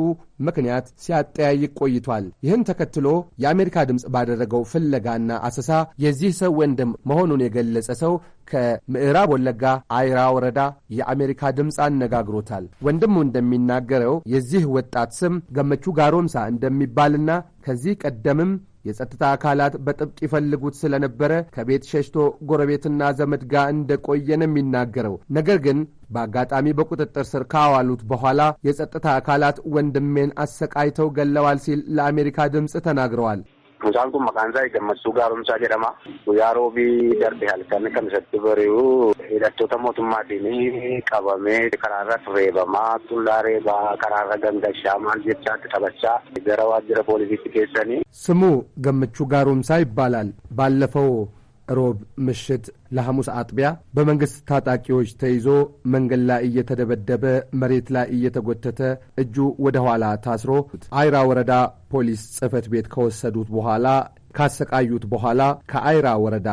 ምክንያት ሲያጠያይቅ ቆይቷል። ይህን ተከትሎ የአሜሪካ ድምፅ ባደረገው ፍለጋና አሰሳ የዚህ ሰው ወንድም መሆኑን የገለጸ ሰው ከምዕራብ ወለጋ አይራ ወረዳ የአሜሪካ ድምፅ አነጋግሮታል። ወንድሙ እንደሚናገረው የዚህ ወጣት ስም ገመቹ ጋሮምሳ እንደሚባልና ከዚህ ቀደምም የጸጥታ አካላት በጥብቅ ይፈልጉት ስለነበረ ከቤት ሸሽቶ ጎረቤትና ዘመድ ጋር እንደቆየ ነው የሚናገረው። ነገር ግን በአጋጣሚ በቁጥጥር ስር ካዋሉት በኋላ የጸጥታ አካላት ወንድሜን አሰቃይተው ገለዋል ሲል ለአሜሪካ ድምፅ ተናግረዋል። Mucaan kun maqaan isaa Gammachuu Gaaromsaa jedhama. Guyyaa roobii darbe halkan kan isatti bari'u hidhattoota mootummaatiin qabamee karaarra reebamaa, tullaa reebaa, karaarra gangashaa maal jechaatti taphachaa gara waajjira poolisiitti geessanii. Simuu Gammachuu Gaaromsaa Ibbaalaan baallafoo ሮብ ምሽት ለሐሙስ አጥቢያ በመንግሥት ታጣቂዎች ተይዞ መንገድ ላይ እየተደበደበ መሬት ላይ እየተጎተተ እጁ ወደ ኋላ ታስሮ አይራ ወረዳ ፖሊስ ጽሕፈት ቤት ከወሰዱት በኋላ ካሰቃዩት በኋላ ከአይራ ወረዳ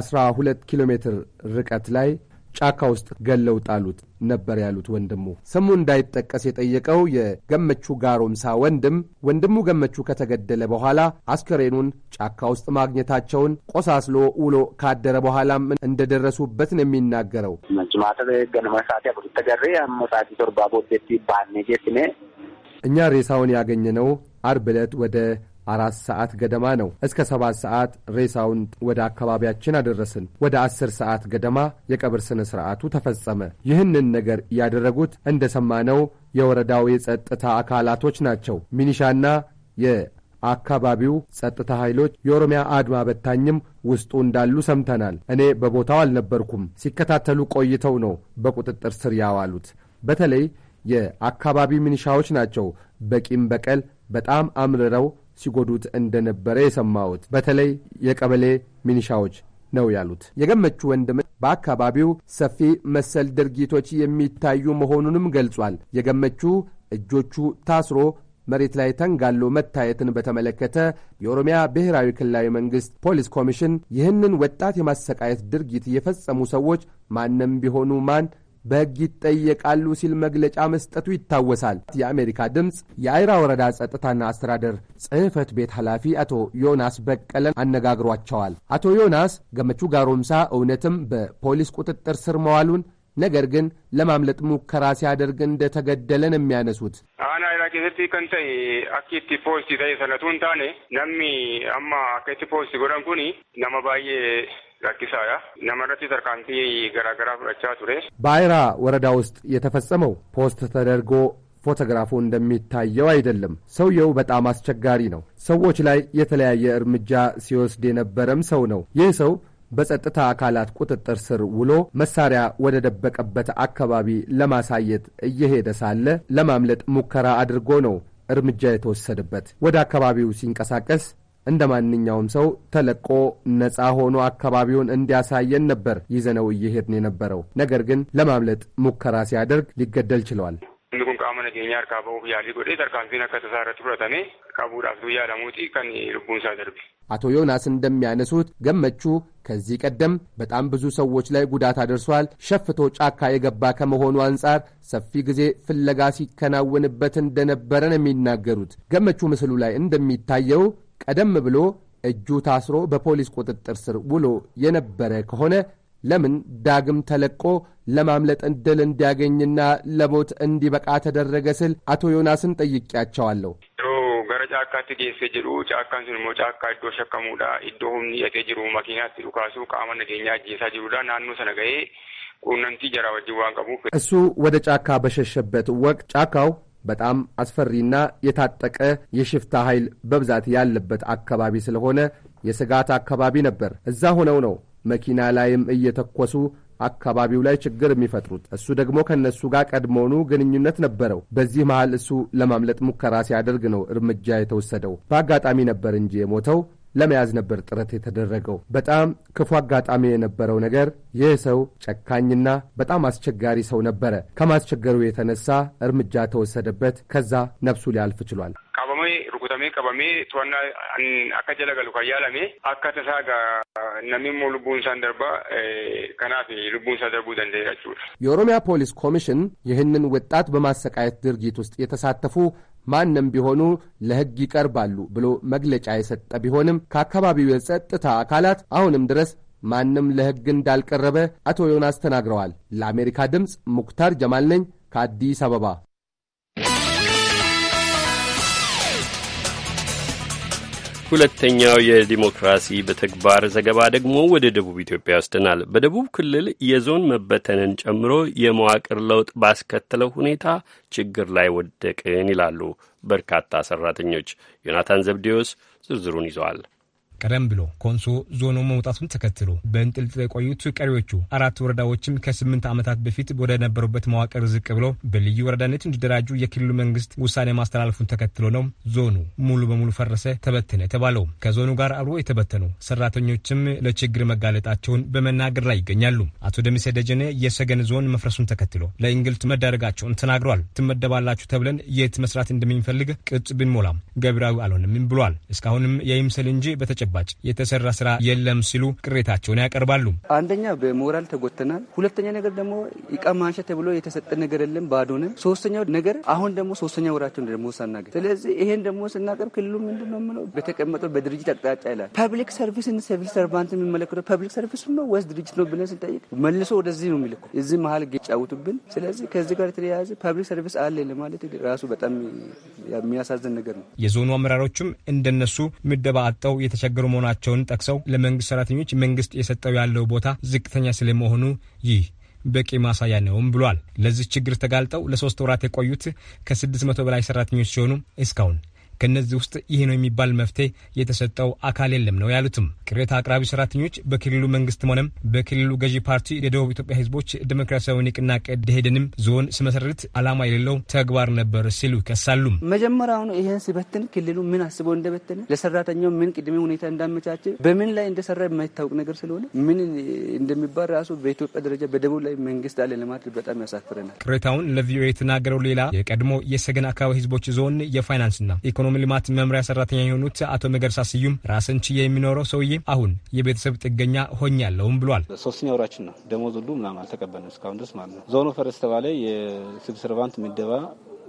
12 ኪሎ ሜትር ርቀት ላይ ጫካ ውስጥ ገለው ጣሉት ነበር ያሉት ወንድሙ። ስሙ እንዳይጠቀስ የጠየቀው የገመቹ ጋሮምሳ ወንድም ወንድሙ ገመቹ ከተገደለ በኋላ አስከሬኑን ጫካ ውስጥ ማግኘታቸውን ቆሳስሎ ውሎ ካደረ በኋላም እንደደረሱበት ነው የሚናገረው። እኛ ሬሳውን ያገኘነው አርብ ዕለት ወደ አራት ሰዓት ገደማ ነው። እስከ ሰባት ሰዓት ሬሳውን ወደ አካባቢያችን አደረስን። ወደ አስር ሰዓት ገደማ የቀብር ስነ ሥርዓቱ ተፈጸመ። ይህንን ነገር ያደረጉት እንደሰማነው የወረዳው የጸጥታ አካላቶች ናቸው። ሚኒሻና የአካባቢው ጸጥታ ኃይሎች፣ የኦሮሚያ አድማ በታኝም ውስጡ እንዳሉ ሰምተናል። እኔ በቦታው አልነበርኩም። ሲከታተሉ ቆይተው ነው በቁጥጥር ስር ያዋሉት። በተለይ የአካባቢ ሚኒሻዎች ናቸው በቂም በቀል በጣም አምርረው ሲጎዱት እንደነበረ የሰማሁት በተለይ የቀበሌ ሚኒሻዎች ነው ያሉት። የገመቹ ወንድም በአካባቢው ሰፊ መሰል ድርጊቶች የሚታዩ መሆኑንም ገልጿል። የገመቹ እጆቹ ታስሮ መሬት ላይ ተንጋሎ መታየትን በተመለከተ የኦሮሚያ ብሔራዊ ክልላዊ መንግሥት ፖሊስ ኮሚሽን ይህንን ወጣት የማሰቃየት ድርጊት የፈጸሙ ሰዎች ማንም ቢሆኑ ማን በሕግ ይጠየቃሉ ሲል መግለጫ መስጠቱ ይታወሳል። የአሜሪካ ድምፅ የአይራ ወረዳ ጸጥታና አስተዳደር ጽሕፈት ቤት ኃላፊ አቶ ዮናስ በቀለን አነጋግሯቸዋል። አቶ ዮናስ ገመቹ ጋሮምሳ እውነትም በፖሊስ ቁጥጥር ስር መዋሉን ነገር ግን ለማምለጥ ሙከራ ሲያደርግ እንደተገደለን የሚያነሱት አና ኬሰቲ ከንተ አኪቲ ፖስቲ ተይ ሰነቱን ታኔ ነሚ አማ አኬቲ ፖስቲ ጎደን ኩኒ ነማ ባዬ በአይራ ወረዳ ውስጥ የተፈጸመው ፖስት ተደርጎ ፎቶግራፉ እንደሚታየው አይደለም። ሰውየው በጣም አስቸጋሪ ነው። ሰዎች ላይ የተለያየ እርምጃ ሲወስድ የነበረም ሰው ነው። ይህ ሰው በጸጥታ አካላት ቁጥጥር ስር ውሎ መሳሪያ ወደ ደበቀበት አካባቢ ለማሳየት እየሄደ ሳለ ለማምለጥ ሙከራ አድርጎ ነው እርምጃ የተወሰደበት። ወደ አካባቢው ሲንቀሳቀስ እንደ ማንኛውም ሰው ተለቆ ነጻ ሆኖ አካባቢውን እንዲያሳየን ነበር ይዘነው እየሄድን የነበረው። ነገር ግን ለማምለጥ ሙከራ ሲያደርግ ሊገደል ችሏል። አቶ ዮናስ እንደሚያነሱት ገመቹ ከዚህ ቀደም በጣም ብዙ ሰዎች ላይ ጉዳት አድርሷል። ሸፍቶ ጫካ የገባ ከመሆኑ አንጻር ሰፊ ጊዜ ፍለጋ ሲከናወንበት እንደነበረ ነው የሚናገሩት። ገመቹ ምስሉ ላይ እንደሚታየው ቀደም ብሎ እጁ ታስሮ በፖሊስ ቁጥጥር ስር ውሎ የነበረ ከሆነ ለምን ዳግም ተለቆ ለማምለጥ ዕድል እንዲያገኝና ለሞት እንዲበቃ ተደረገ ስል አቶ ዮናስን ጠይቄያቸዋለሁ። ጫካት ጌሴ ጅሩ ጫካን ሱን ጫካ ኢዶ ሸከሙዳ ኢዶ ሁምኒ የጤ ጅሩ መኪና ትሉ ቃመ ነገኛ ጄሳ ጅሩዳ ናኑ ሰነገኤ ቁነንቲ ጀራ ወጅ ቀቡ እሱ ወደ ጫካ በሸሸበት ወቅት ጫካው በጣም አስፈሪና የታጠቀ የሽፍታ ኃይል በብዛት ያለበት አካባቢ ስለሆነ የስጋት አካባቢ ነበር። እዛ ሆነው ነው መኪና ላይም እየተኮሱ አካባቢው ላይ ችግር የሚፈጥሩት። እሱ ደግሞ ከእነሱ ጋር ቀድሞውኑ ግንኙነት ነበረው። በዚህ መሃል እሱ ለማምለጥ ሙከራ ሲያደርግ ነው እርምጃ የተወሰደው። በአጋጣሚ ነበር እንጂ የሞተው ለመያዝ ነበር ጥረት የተደረገው። በጣም ክፉ አጋጣሚ የነበረው ነገር ይህ ሰው ጨካኝና በጣም አስቸጋሪ ሰው ነበረ። ከማስቸገሩ የተነሳ እርምጃ ተወሰደበት። ከዛ ነፍሱ ሊያልፍ ችሏል። ሩቁተሜ ቀበሜ ቶና አካ ጀለገሉ ከያለሜ አካ ተሳጋ ነሚሞ ልቡንሳን ደርባ ከናፍ ልቡንሳ ደርቡ የኦሮሚያ ፖሊስ ኮሚሽን ይህንን ወጣት በማሰቃየት ድርጊት ውስጥ የተሳተፉ ማንም ቢሆኑ ለሕግ ይቀርባሉ ብሎ መግለጫ የሰጠ ቢሆንም ከአካባቢው የጸጥታ አካላት አሁንም ድረስ ማንም ለሕግ እንዳልቀረበ አቶ ዮናስ ተናግረዋል። ለአሜሪካ ድምፅ ሙክታር ጀማል ነኝ ከአዲስ አበባ ሁለተኛው የዲሞክራሲ በተግባር ዘገባ ደግሞ ወደ ደቡብ ኢትዮጵያ ይወስደናል። በደቡብ ክልል የዞን መበተንን ጨምሮ የመዋቅር ለውጥ ባስከተለው ሁኔታ ችግር ላይ ወደቅን ይላሉ በርካታ ሰራተኞች። ዮናታን ዘብዴዎስ ዝርዝሩን ይዘዋል። ቀደም ብሎ ኮንሶ ዞኖ መውጣቱን ተከትሎ በእንጥልጥል የቆዩት ቀሪዎቹ አራት ወረዳዎችም ከስምንት ዓመታት በፊት ወደ ነበሩበት መዋቅር ዝቅ ብሎ በልዩ ወረዳነት እንዲደራጁ የክልሉ መንግስት ውሳኔ ማስተላለፉን ተከትሎ ነው ዞኑ ሙሉ በሙሉ ፈረሰ፣ ተበተነ የተባለው። ከዞኑ ጋር አብሮ የተበተኑ ሰራተኞችም ለችግር መጋለጣቸውን በመናገር ላይ ይገኛሉ። አቶ ደሚሴ ደጀኔ የሰገን ዞን መፍረሱን ተከትሎ ለእንግልት መዳረጋቸውን ተናግሯል። ትመደባላችሁ ተብለን የት መስራት እንደሚፈልግ ቅጽ ብንሞላም ገቢራዊ አልሆንም ብሏል። እስካሁንም የይምሰል እንጂ በተጨ በተጨባጭ የተሰራ ስራ የለም ሲሉ ቅሬታቸውን ያቀርባሉ። አንደኛ በሞራል ተጎተናል። ሁለተኛ ነገር ደግሞ እቃ ማንሻ ተብሎ የተሰጠ ነገር የለም ባዶነ ሶስተኛው ነገር አሁን ደግሞ ሶስተኛ ወራቸውን ደግሞ ሳናገኝ፣ ስለዚህ ይሄን ደግሞ ስናቀርብ ክልሉ ምንድን ነው የምለው በተቀመጠው በድርጅት አቅጣጫ ይላል። ፐብሊክ ሰርቪስን ሲቪል ሰርቫንት የሚመለከተው ፐብሊክ ሰርቪስ ነው ወይስ ድርጅት ነው ብለን ስንጠይቅ መልሶ ወደዚህ ነው የሚልኩ እዚህ መሀል ጫውቱብን። ስለዚህ ከዚህ ጋር የተያያዘ ፐብሊክ ሰርቪስ አለ ለማለት ራሱ በጣም የሚያሳዝን ነገር ነው። የዞኑ አመራሮችም እንደነሱ ምደባ አጠው የተቸገ እየተቸገሩ መሆናቸውን ጠቅሰው ለመንግስት ሰራተኞች መንግስት የሰጠው ያለው ቦታ ዝቅተኛ ስለመሆኑ ይህ በቂ ማሳያ ነውም ብሏል። ለዚህ ችግር ተጋልጠው ለሶስት ወራት የቆዩት ከስድስት መቶ በላይ ሰራተኞች ሲሆኑ እስካሁን ከእነዚህ ውስጥ ይህ ነው የሚባል መፍትሄ የተሰጠው አካል የለም ነው ያሉትም። ቅሬታ አቅራቢ ሰራተኞች በክልሉ መንግስትም ሆነም በክልሉ ገዢ ፓርቲ የደቡብ ኢትዮጵያ ህዝቦች ዲሞክራሲያዊ ንቅናቄ ደኢህዴንም ዞን ስመሰርት አላማ የሌለው ተግባር ነበር ሲሉ ይከሳሉ። መጀመሪያውኑ ይህን ሲበትን ክልሉ ምን አስቦ እንደበተነ ለሰራተኛው ምን ቅድሜ ሁኔታ እንዳመቻቸ በምን ላይ እንደሰራ የማይታወቅ ነገር ስለሆነ ምን እንደሚባል ራሱ በኢትዮጵያ ደረጃ በደቡብ ላይ መንግስት አለ ለማድረግ በጣም ያሳፍረናል። ቅሬታውን ለቪኦኤ የተናገረው ሌላ የቀድሞ የሰገን አካባቢ ህዝቦች ዞን የፋይናንስና ኢኮኖሚ የኢኮኖሚ ልማት መምሪያ ሰራተኛ የሆኑት አቶ መገርሳ ስዩም ራስን ችዬ የሚኖረው ሰውዬ አሁን የቤተሰብ ጥገኛ ሆኛለሁም ብሏል። ሶስተኛ ወራችን ነው። ደሞዝ ሁሉ ምናምን አልተቀበልንም እስካሁን ድረስ ማለት ነው። ዞኑ ፈረስ ተባለ የሲቪል ሰርቫንት ምደባ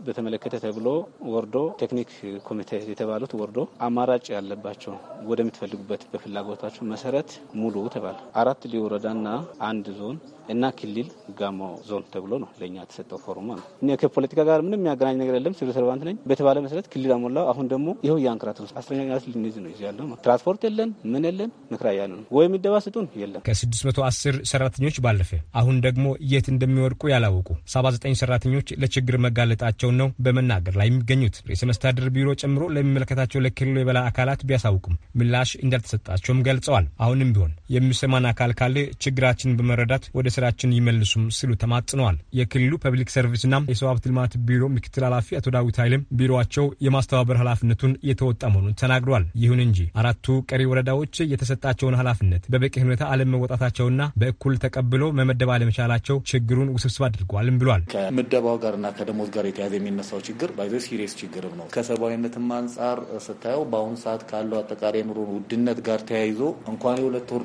በተመለከተ ተብሎ ወርዶ ቴክኒክ ኮሚቴ የተባሉት ወርዶ አማራጭ ያለባቸው ወደምትፈልጉበት በፍላጎታቸው መሰረት ሙሉ ተባለ። አራት ልዩ ወረዳና አንድ ዞን እና ክልል ጋሞ ዞን ተብሎ ነው ለእኛ የተሰጠው ፎርማ ነው እ ከፖለቲካ ጋር ምንም የሚያገናኝ ነገር የለም። ሲቪል ሰርቫንት ነኝ በተባለ መሰረት ክልል አሞላው። አሁን ደግሞ ይኸው የአንክራት ነው አስረኛ ግናት ልንይዝ ነው ያለ ትራንስፖርት የለን ምን የለን ምክራ ያለ ነው ወይ የሚደባ ስጡን የለም። ከ610 ሰራተኞች ባለፈ አሁን ደግሞ የት እንደሚወድቁ ያላወቁ 79 ሰራተኞች ለችግር መጋለጣቸው መሆናቸውን ነው በመናገር ላይ የሚገኙት። ርዕሰ መስተዳድር ቢሮ ጨምሮ ለሚመለከታቸው ለክልሉ የበላይ አካላት ቢያሳውቁም ምላሽ እንዳልተሰጣቸውም ገልጸዋል። አሁንም ቢሆን የሚሰማን አካል ካለ ችግራችንን በመረዳት ወደ ስራችን ይመልሱም ሲሉ ተማጽነዋል። የክልሉ ፐብሊክ ሰርቪስና የሰው ሀብት ልማት ቢሮ ምክትል ኃላፊ አቶ ዳዊት ኃይልም ቢሮቸው የማስተባበር ኃላፊነቱን እየተወጣ መሆኑን ተናግሯል። ይሁን እንጂ አራቱ ቀሪ ወረዳዎች የተሰጣቸውን ኃላፊነት በበቂ ሁኔታ አለመወጣታቸውና በእኩል ተቀብሎ መመደብ አለመቻላቸው ችግሩን ውስብስብ አድርጓልም ብሏል። ከምደባው ጋርና ከደሞዝ ጋር የተያዘ የሚነሳው ችግር ባይዘ ሲሪየስ ችግርም ነው። ከሰብአዊነትም አንጻር ስታየው በአሁኑ ሰዓት ካለው አጠቃላይ ኑሮ ውድነት ጋር ተያይዞ እንኳን የሁለት ወር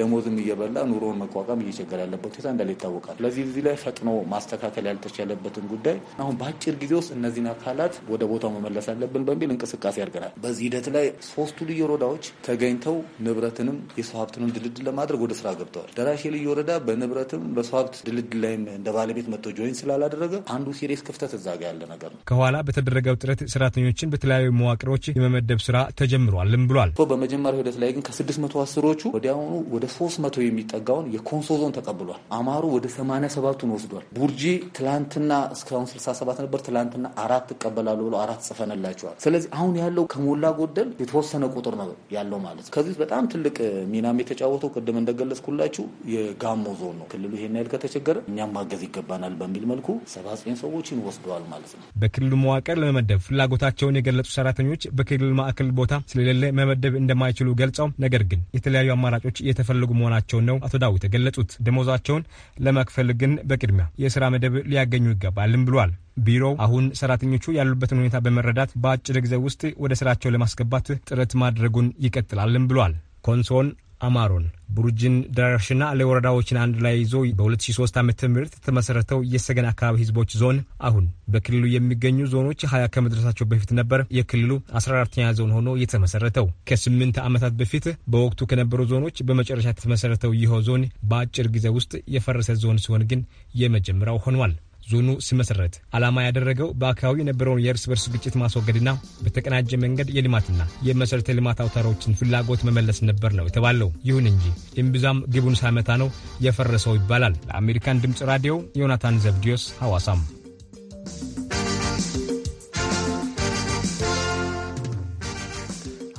ደሞዝም እየበላ ኑሮን መቋቋም እየቸገር ያለበት ሁኔታ እንዳለ ይታወቃል። ስለዚህ እዚህ ላይ ፈጥኖ ማስተካከል ያልተቻለበትን ጉዳይ አሁን በአጭር ጊዜ ውስጥ እነዚህን አካላት ወደ ቦታው መመለስ አለብን በሚል እንቅስቃሴ አድርገናል። በዚህ ሂደት ላይ ሶስቱ ልዩ ወረዳዎች ተገኝተው ንብረትንም የሰው ሀብትንም ድልድል ለማድረግ ወደ ስራ ገብተዋል። ደራሼ ልዩ ወረዳ በንብረትም በሰው ሀብት ድልድል ላይም እንደ ባለቤት መጥቶ ጆይን ስላላደረገ አንዱ ሲሪየስ ክፍተት እዛ ጋ ያለ ነገር ነው። ከኋላ በተደረገው ጥረት ሰራተኞችን በተለያዩ መዋቅሮች የመመደብ ስራ ተጀምሯልም ብሏል። በመጀመሪያ ሂደት ላይ ግን ከስድስት መቶ አስሮቹ ወዲያውኑ ወደ ሶስት መቶ የሚጠጋውን የኮንሶ ዞን ተቀብሏል። አማሩ ወደ ሰማንያ ሰባቱን ወስዷል። ቡርጂ ትላንትና እስካሁን ስልሳ ሰባት ነበር። ትላንትና አራት ትቀበላሉ ብሎ አራት ጽፈንላቸዋል። ስለዚህ አሁን ያለው ከሞላ ጎደል የተወሰነ ቁጥር ነው ያለው ማለት ነው። ከዚህ በጣም ትልቅ ሚናም የተጫወተው ቅድም እንደገለጽኩላችሁ የጋሞ ዞን ነው። ክልሉ ይሄን ያህል ከተቸገረ እኛም ማገዝ ይገባናል በሚል መልኩ ሰባ ዘጠኝ ሰዎችን ወስዷል። ተናግረዋል ማለት ነው። በክልሉ መዋቅር ለመመደብ ፍላጎታቸውን የገለጹ ሰራተኞች በክልል ማዕከል ቦታ ስለሌለ መመደብ እንደማይችሉ ገልጸው ነገር ግን የተለያዩ አማራጮች እየተፈለጉ መሆናቸውን ነው አቶ ዳዊት የገለጹት። ደሞዛቸውን ለመክፈል ግን በቅድሚያ የስራ መደብ ሊያገኙ ይገባልም ብሏል። ቢሮው አሁን ሰራተኞቹ ያሉበትን ሁኔታ በመረዳት በአጭር ጊዜ ውስጥ ወደ ስራቸው ለማስገባት ጥረት ማድረጉን ይቀጥላልም ብሏል። ኮንሶን አማሮን፣ ቡሩጅን፣ ደራሽና ወረዳዎችን አንድ ላይ ይዞ በ2003 ዓ ም የተመሰረተው የሰገን አካባቢ ህዝቦች ዞን አሁን በክልሉ የሚገኙ ዞኖች ሀያ ከመድረሳቸው በፊት ነበር የክልሉ 14ኛ ዞን ሆኖ የተመሰረተው። ከስምንት ዓመታት በፊት በወቅቱ ከነበሩ ዞኖች በመጨረሻ የተመሰረተው ይኸው ዞን በአጭር ጊዜ ውስጥ የፈረሰ ዞን ሲሆን ግን የመጀመሪያው ሆኗል። ዞኑ ሲመሰረት ዓላማ ያደረገው በአካባቢው የነበረውን የእርስ በርስ ግጭት ማስወገድና በተቀናጀ መንገድ የልማትና የመሰረተ ልማት አውታሮችን ፍላጎት መመለስ ነበር ነው የተባለው። ይሁን እንጂ እምብዛም ግቡን ሳመታ ነው የፈረሰው ይባላል። ለአሜሪካን ድምፅ ራዲዮ ዮናታን ዘብዲዮስ ሐዋሳም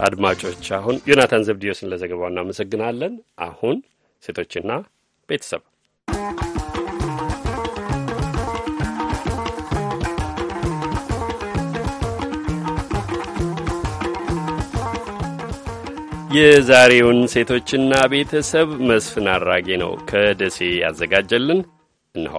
አድማጮች አሁን ዮናታን ዘብዲዮስን ለዘገባው እናመሰግናለን። አሁን ሴቶችና ቤተሰብ የዛሬውን ሴቶችና ቤተሰብ መስፍን አራጌ ነው ከደሴ ያዘጋጀልን እንሆ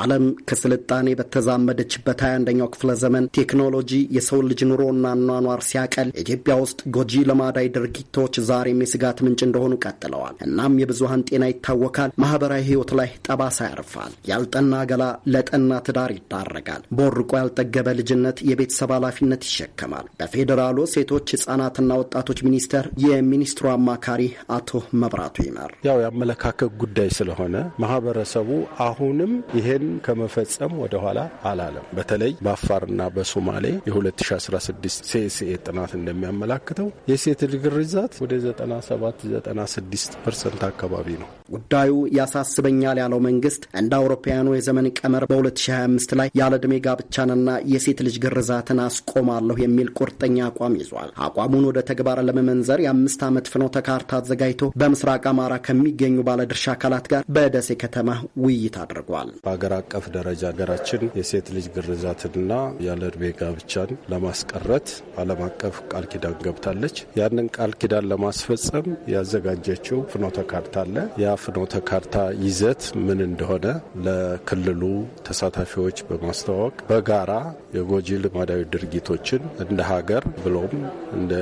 ዓለም ከስልጣኔ በተዛመደችበት 21 አንደኛው ክፍለ ዘመን ቴክኖሎጂ የሰው ልጅ ኑሮና ኗኗር ሲያቀል ኢትዮጵያ ውስጥ ጎጂ ልማዳዊ ድርጊቶች ዛሬም የስጋት ምንጭ እንደሆኑ ቀጥለዋል። እናም የብዙሀን ጤና ይታወካል፣ ማህበራዊ ህይወት ላይ ጠባሳ ያርፋል። ያልጠና ገላ ለጠና ትዳር ይዳረጋል። በወርቆ ያልጠገበ ልጅነት የቤተሰብ ኃላፊነት ይሸከማል። በፌዴራሉ ሴቶች ህጻናትና ወጣቶች ሚኒስቴር የሚኒስትሩ አማካሪ አቶ መብራቱ ይመር ያው የአመለካከት ጉዳይ ስለሆነ ማህበረሰቡ አሁንም ይሄ ይህን ከመፈጸም ወደኋላ አላለም። በተለይ በአፋርና በሶማሌ የ2016 ሲኤስኤ ጥናት እንደሚያመላክተው የሴት ልጅ ግርዛት ወደ 97-96 ፐርሰንት አካባቢ ነው። ጉዳዩ ያሳስበኛል ያለው መንግስት እንደ አውሮፓውያኑ የዘመን ቀመር በ2025 ላይ ያለ ዕድሜ ጋብቻንና የሴት ልጅ ግርዛትን አስቆማለሁ የሚል ቁርጠኛ አቋም ይዟል። አቋሙን ወደ ተግባር ለመመንዘር የአምስት ዓመት ፍኖተ ካርታ አዘጋጅቶ በምስራቅ አማራ ከሚገኙ ባለድርሻ አካላት ጋር በደሴ ከተማ ውይይት አድርጓል። በአገር አቀፍ ደረጃ ሀገራችን የሴት ልጅ ግርዛትንና ያለ እድሜ ጋብቻን ለማስቀረት ዓለም አቀፍ ቃል ኪዳን ገብታለች። ያንን ቃል ኪዳን ለማስፈጸም ያዘጋጀችው ፍኖተ ካርታ አለ። ያ ፍኖተ ካርታ ይዘት ምን እንደሆነ ለክልሉ ተሳታፊዎች በማስተዋወቅ በጋራ የጎጂ ልማዳዊ ድርጊቶችን እንደ ሀገር ብሎም እንደ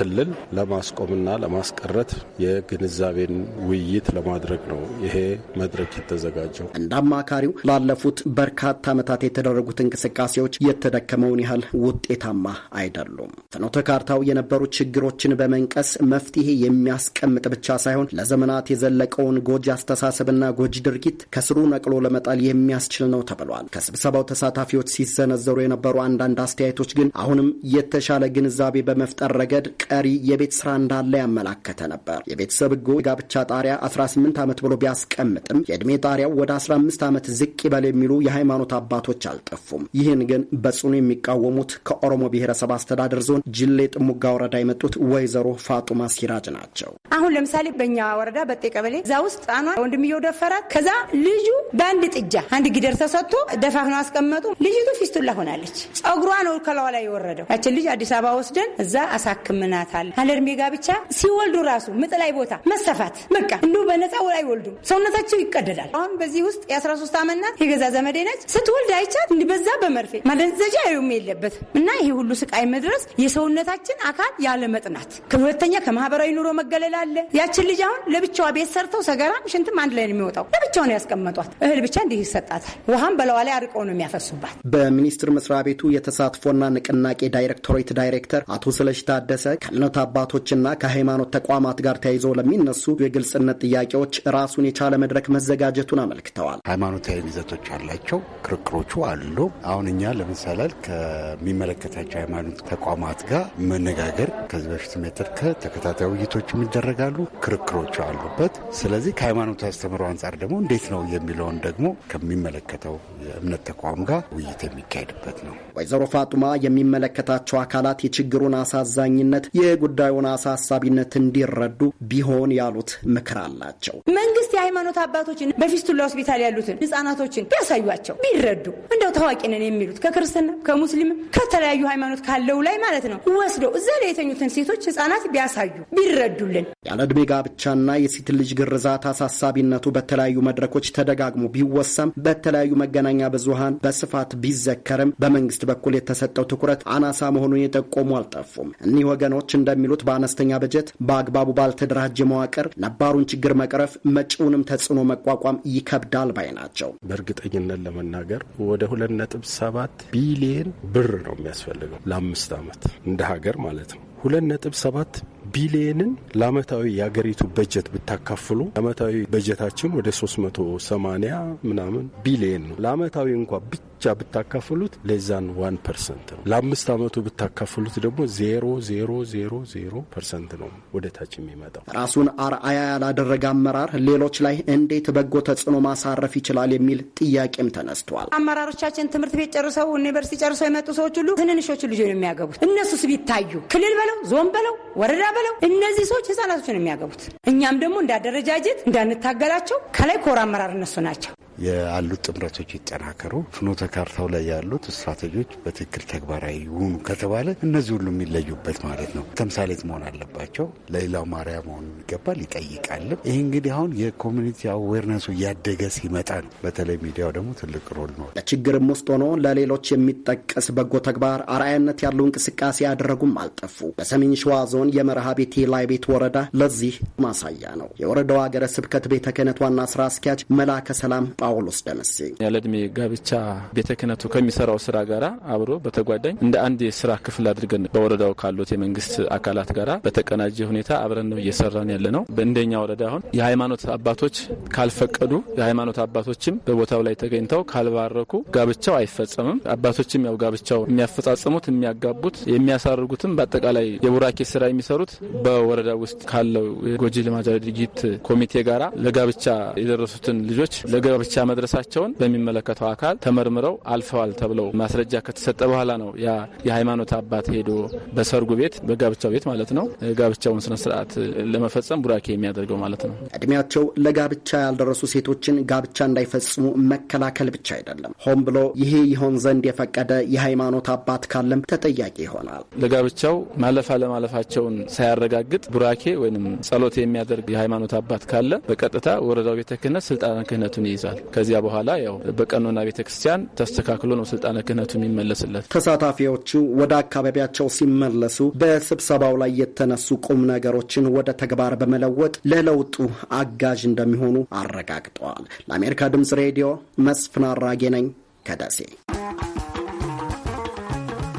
ክልል ለማስቆምና ለማስቀረት የግንዛቤን ውይይት ለማድረግ ነው ይሄ መድረክ የተዘጋጀው። እንደ አማካሪው ላለፉት በርካታ ዓመታት የተደረጉት እንቅስቃሴዎች የተደከመውን ያህል ውጤታማ አይደሉም። ፍኖተ ካርታው የነበሩ ችግሮችን በመንቀስ መፍትሄ የሚያስቀምጥ ብቻ ሳይሆን ለዘመናት የዘለቀውን ጎጂ አስተሳሰብና ጎጂ ድርጊት ከስሩ ነቅሎ ለመጣል የሚያስችል ነው ተብሏል። ከስብሰባው ተሳታፊዎች ሲሰነዘሩ የነበሩ አንዳንድ አስተያየቶች ግን አሁንም የተሻለ ግንዛቤ በመፍጠር ረገድ ቀሪ የቤት ስራ እንዳለ ያመላከተ ነበር። የቤተሰብ ሕጉ ጋብቻ ጣሪያ 18 ዓመት ብሎ ቢያስቀምጥም የዕድሜ ጣሪያው ወደ 15 ዓመት ዝ ዝቅ ይበል የሚሉ የሃይማኖት አባቶች አልጠፉም። ይህን ግን በጽኑ የሚቃወሙት ከኦሮሞ ብሔረሰብ አስተዳደር ዞን ጅሌ ጥሙጋ ወረዳ የመጡት ወይዘሮ ፋጡማ ሲራጅ ናቸው። አሁን ለምሳሌ በእኛ ወረዳ በጤ ቀበሌ እዛ ውስጥ ጣኗን ወንድምየው ደፈራት። ከዛ ልጁ በአንድ ጥጃ አንድ ጊደር ተሰጥቶ ደፋፍነው አስቀመጡ። ልጅቱ ፊስቱላ ሆናለች። ጸጉሯ ነው ከላዋ ላይ የወረደው። ያችን ልጅ አዲስ አበባ ወስደን እዛ አሳክምናታል። አለድሜ ጋ ብቻ ሲወልዱ ራሱ ምጥ ላይ ቦታ መሰፋት በቃ እንዲሁ በነፃ ላይ አይወልዱም። ሰውነታቸው ይቀደዳል። አሁን በዚህ ውስጥ የ13 ዓመት እናት የገዛ ዘመዴ ነች። ስትወልድ አይቻት እንዲበዛ በመርፌ ማደንዘዣ ያዩም የለበት እና ይሄ ሁሉ ስቃይ መድረስ የሰውነታችን አካል ያለመጥናት፣ ሁለተኛ ከማህበራዊ ኑሮ መገለል አለ። ያችን ልጅ አሁን ለብቻዋ ቤት ሰርተው ሰገራም ሽንትም አንድ ላይ ነው የሚወጣው። ለብቻውን ያስቀመጧት። እህል ብቻ እንዲህ ይሰጣታል። ውሃም በለዋ ላይ አርቀው ነው የሚያፈሱባት። በሚኒስቴር መስሪያ ቤቱ የተሳትፎና ንቅናቄ ዳይሬክቶሬት ዳይሬክተር አቶ ስለሽ ታደሰ ከእምነት አባቶችና ከሃይማኖት ተቋማት ጋር ተያይዘው ለሚነሱ የግልጽነት ጥያቄዎች ራሱን የቻለ መድረክ መዘጋጀቱን አመልክተዋል። ሃይማኖታዊ ይዘቶች አላቸው። ክርክሮቹ አሉ። አሁን እኛ ለምሳሌ ከሚመለከታቸው ሃይማኖት ተቋማት ጋር መነጋገር ከዚህ በፊት ሜትር ከተከታታይ ውይይቶችም ይደረጋሉ። ክርክሮቹ አሉበት። ስለዚህ ከሃይማኖቱ አስተምሮ አንጻር ደግሞ እንዴት ነው የሚለውን ደግሞ ከሚመለከተው የእምነት ተቋም ጋር ውይይት የሚካሄድበት ነው። ወይዘሮ ፋጡማ የሚመለከታቸው አካላት የችግሩን አሳዛኝነት፣ የጉዳዩን አሳሳቢነት እንዲረዱ ቢሆን ያሉት ምክር አላቸው። መንግስት የሃይማኖት አባቶችን በፊስቱላ ሆስፒታል ያሉትን ህጻናቶችን ቢያሳዩቸው ቢረዱ፣ እንደው ታዋቂ ነን የሚሉት ከክርስትና ከሙስሊምም ከተለያዩ ሃይማኖት ካለው ላይ ማለት ነው ወስደው እዛ ላይ የተኙትን ሴቶች ህጻናት ቢያሳዩ ቢረዱልን። ያለ ዕድሜ ጋብቻና የሴት ልጅ ግርዛት አሳሳቢነቱ በተለያዩ መድረኮች ተደጋግሞ ቢወሳም በተለያዩ መገናኛ ብዙሃን በስፋት ቢዘከርም በመንግስት በኩል የተሰጠው ትኩረት አናሳ መሆኑን የጠቆሙ አልጠፉም። እኒህ ወገኖች እንደሚሉት በአነስተኛ በጀት በአግባቡ ባልተደራጀ መዋቅር ነባሩን ችግር መቅረፍ፣ መጪውንም ተጽዕኖ መቋቋም ይከብዳል ባይ ናቸው። በእርግጠኝነት ለመናገር ወደ ሁለት ነጥብ ሰባት ቢሊየን ብር ነው የሚያስፈልገው ለአምስት ዓመት እንደ ሀገር ማለት ነው። ሁለት ነጥብ ሰባት ቢሊየንን ለአመታዊ የሀገሪቱ በጀት ብታካፍሉ አመታዊ በጀታችን ወደ 380 ምናምን ቢሊየን ነው። ለአመታዊ እንኳ ብቻ ብታካፍሉት ለዛን ዋን ፐርሰንት ነው። ለአምስት አመቱ ብታካፍሉት ደግሞ ዜሮ ዜሮ ዜሮ ዜሮ ፐርሰንት ነው ወደ ታች የሚመጣው። ራሱን አርአያ ያላደረገ አመራር ሌሎች ላይ እንዴት በጎ ተጽዕኖ ማሳረፍ ይችላል የሚል ጥያቄም ተነስቷል። አመራሮቻችን ትምህርት ቤት ጨርሰው ዩኒቨርሲቲ ጨርሰው የመጡ ሰዎች ሁሉ ትንንሾቹ ነው የሚያገቡት እነሱስ ቢታዩ ክልል በለው ዞን በለው ወረዳ የምንቀበለው። እነዚህ ሰዎች ነው የሚያገቡት እኛም ደግሞ እንዳደረጃጀት እንዳንታገላቸው ከላይ ኮር አመራር እነሱ ናቸው። ያሉት ጥምረቶች ይጠናከሩ፣ ፍኖተ ካርታው ላይ ያሉት ስትራቴጂዎች በትክክል ተግባራዊ ይሁኑ ከተባለ እነዚህ ሁሉ የሚለዩበት ማለት ነው። ተምሳሌት መሆን አለባቸው። ለሌላው ማርያ መሆን ይገባል፣ ይጠይቃል። ይህ እንግዲህ አሁን የኮሚኒቲ አዌርነሱ እያደገ ሲመጣ ነው። በተለይ ሚዲያው ደግሞ ትልቅ ሮል ነው። በችግርም ውስጥ ሆኖ ለሌሎች የሚጠቀስ በጎ ተግባር አርአያነት ያለው እንቅስቃሴ ያደረጉም አልጠፉ። በሰሜን ሸዋ ዞን የመርሃ ቤቴ ላይ ቤት ወረዳ ለዚህ ማሳያ ነው። የወረዳው ሀገረ ስብከት ቤተ ክህነት ዋና ስራ አስኪያጅ መላከ ሰላም ጳውሎስ ደመሴ ያለእድሜ ጋብቻ ቤተ ክህነቱ ከሚሰራው ስራ ጋራ አብሮ በተጓዳኝ እንደ አንድ የስራ ክፍል አድርገን በወረዳው ካሉት የመንግስት አካላት ጋራ በተቀናጀ ሁኔታ አብረን ነው እየሰራን ያለ ነው። በእንደኛ ወረዳ አሁን የሃይማኖት አባቶች ካልፈቀዱ የሃይማኖት አባቶችም በቦታው ላይ ተገኝተው ካልባረኩ ጋብቻው አይፈጸምም። አባቶችም ያው ጋብቻው የሚያፈጻጽሙት የሚያጋቡት፣ የሚያሳርጉትም በአጠቃላይ የቡራኬ ስራ የሚሰሩት በወረዳ ውስጥ ካለው የጎጂ ልማዳዊ ድርጊት ኮሚቴ ጋራ ለጋብቻ የደረሱትን ልጆች ለጋብቻ ብቻ መድረሳቸውን በሚመለከተው አካል ተመርምረው አልፈዋል ተብለው ማስረጃ ከተሰጠ በኋላ ነው ያ የሃይማኖት አባት ሄዶ በሰርጉ ቤት በጋብቻው ቤት ማለት ነው ጋብቻውን ስነስርዓት ለመፈጸም ቡራኬ የሚያደርገው ማለት ነው። እድሜያቸው ለጋብቻ ያልደረሱ ሴቶችን ጋብቻ እንዳይፈጽሙ መከላከል ብቻ አይደለም፣ ሆን ብሎ ይሄ ይሆን ዘንድ የፈቀደ የሃይማኖት አባት ካለም ተጠያቂ ይሆናል። ለጋብቻው ማለፍ አለማለፋቸውን ሳያረጋግጥ ቡራኬ ወይም ጸሎት የሚያደርግ የሃይማኖት አባት ካለ በቀጥታ ወረዳው ቤተ ክህነት ስልጣነ ክህነቱን ይይዛል። ይሆናል። ከዚያ በኋላ ያው በቀኖና ቤተ ክርስቲያን ተስተካክሎ ነው ስልጣነ ክህነቱ የሚመለስለት። ተሳታፊዎቹ ወደ አካባቢያቸው ሲመለሱ በስብሰባው ላይ የተነሱ ቁም ነገሮችን ወደ ተግባር በመለወጥ ለለውጡ አጋዥ እንደሚሆኑ አረጋግጠዋል። ለአሜሪካ ድምጽ ሬዲዮ መስፍን አራጌ ነኝ ከደሴ።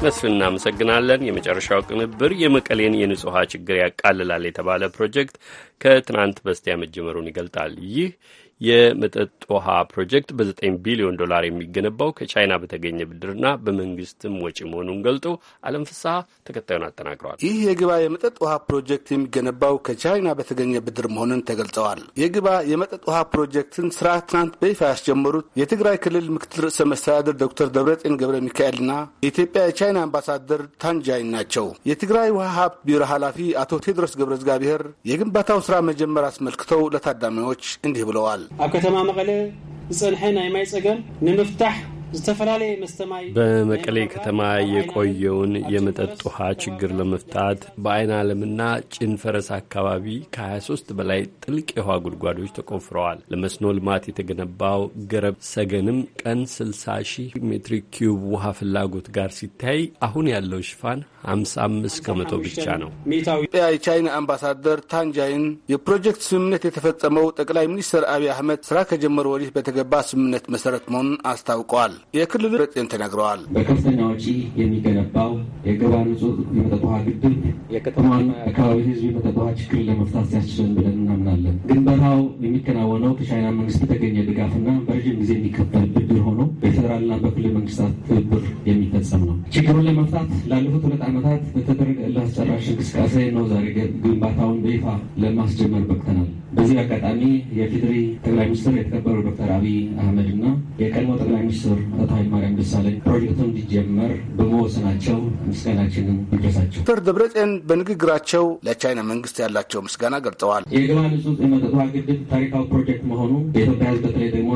መስፍን እናመሰግናለን። የመጨረሻው ቅንብር የመቀሌን የንጹህ ውሃ ችግር ያቃልላል የተባለ ፕሮጀክት ከትናንት በስቲያ መጀመሩን ይገልጣል። ይህ የመጠጥ ውሃ ፕሮጀክት በ9 ቢሊዮን ዶላር የሚገነባው ከቻይና በተገኘ ብድርና በመንግስትም ወጪ መሆኑን ገልጦ አለም ፍስሐ ተከታዩን አጠናቅረዋል። ይህ የግባ የመጠጥ ውሃ ፕሮጀክት የሚገነባው ከቻይና በተገኘ ብድር መሆኑን ተገልጸዋል። የግባ የመጠጥ ውሃ ፕሮጀክትን ስራ ትናንት በይፋ ያስጀመሩት የትግራይ ክልል ምክትል ርዕሰ መስተዳደር ዶክተር ደብረጤን ገብረ ሚካኤልና የኢትዮጵያ የቻይና አምባሳደር ታንጃይ ናቸው። የትግራይ ውሃ ሀብት ቢሮ ኃላፊ አቶ ቴድሮስ ገብረ እግዚአብሔር የግንባታው ስራ መጀመር አስመልክተው ለታዳሚዎች እንዲህ ብለዋል። ኣብ ከተማ መቐለ ዝፀንሐ ናይ ማይ ፀገም ንምፍታሕ በመቀሌ ከተማ የቆየውን የመጠጥ ውሃ ችግር ለመፍታት በአይን ዓለምና ጭንፈረስ አካባቢ ከ23 በላይ ጥልቅ የውሃ ጉድጓዶች ተቆፍረዋል። ለመስኖ ልማት የተገነባው ገረብ ሰገንም ቀን 60 ሺህ ሜትሪክ ኪዩብ ውሃ ፍላጎት ጋር ሲታይ አሁን ያለው ሽፋን 55 ከመቶ ብቻ ነው። የቻይና አምባሳደር ታንጃይን የፕሮጀክት ስምምነት የተፈጸመው ጠቅላይ ሚኒስትር አብይ አህመድ ስራ ከጀመሩ ወዲህ በተገባ ስምምነት መሰረት መሆኑን አስታውቀዋል። የክልሉ ረጤን ተናግረዋል። በከፍተኛ ወጪ የሚገነባው የገባ ንጹህ የመጠጥ ውሃ ግድብ የከተማና አካባቢ ህዝብ መጠጥ ውሃ ችግር ለመፍታት ሲያስችለን ብለን እናምናለን። ግንባታው የሚከናወነው ከቻይና መንግስት የተገኘ ድጋፍና በረዥም ጊዜ የሚከፈል ብድር ሆኖ በፌዴራልና በክልል መንግስታት ትብብር የሚፈጸም ነው። ችግሩን ለመፍታት ላለፉት ሁለት ዓመታት በተደረገ እልህ እንቅስቃሴ ነው ዛሬ ግንባታውን በይፋ ለማስጀመር በቅተናል። በዚህ አጋጣሚ የፌዴሪ ጠቅላይ ሚኒስትር የተከበሩ ዶክተር አብይ አህመድ እና የቀድሞ ጠቅላይ ሚኒስትር በታይ ማርያም ደሳለኝ ፕሮጀክቱ እንዲጀመር በመወሰናቸው ምስጋናችንን ይድረሳቸው። ዶክተር ደብረጽዮን በንግግራቸው ለቻይና መንግስት ያላቸው ምስጋና ገልጸዋል። የግባ ንጹህ መጠጥ ውሃ ግድብ ታሪካዊ ፕሮጀክት መሆኑ የኢትዮጵያ ህዝብ በተለይ ደግሞ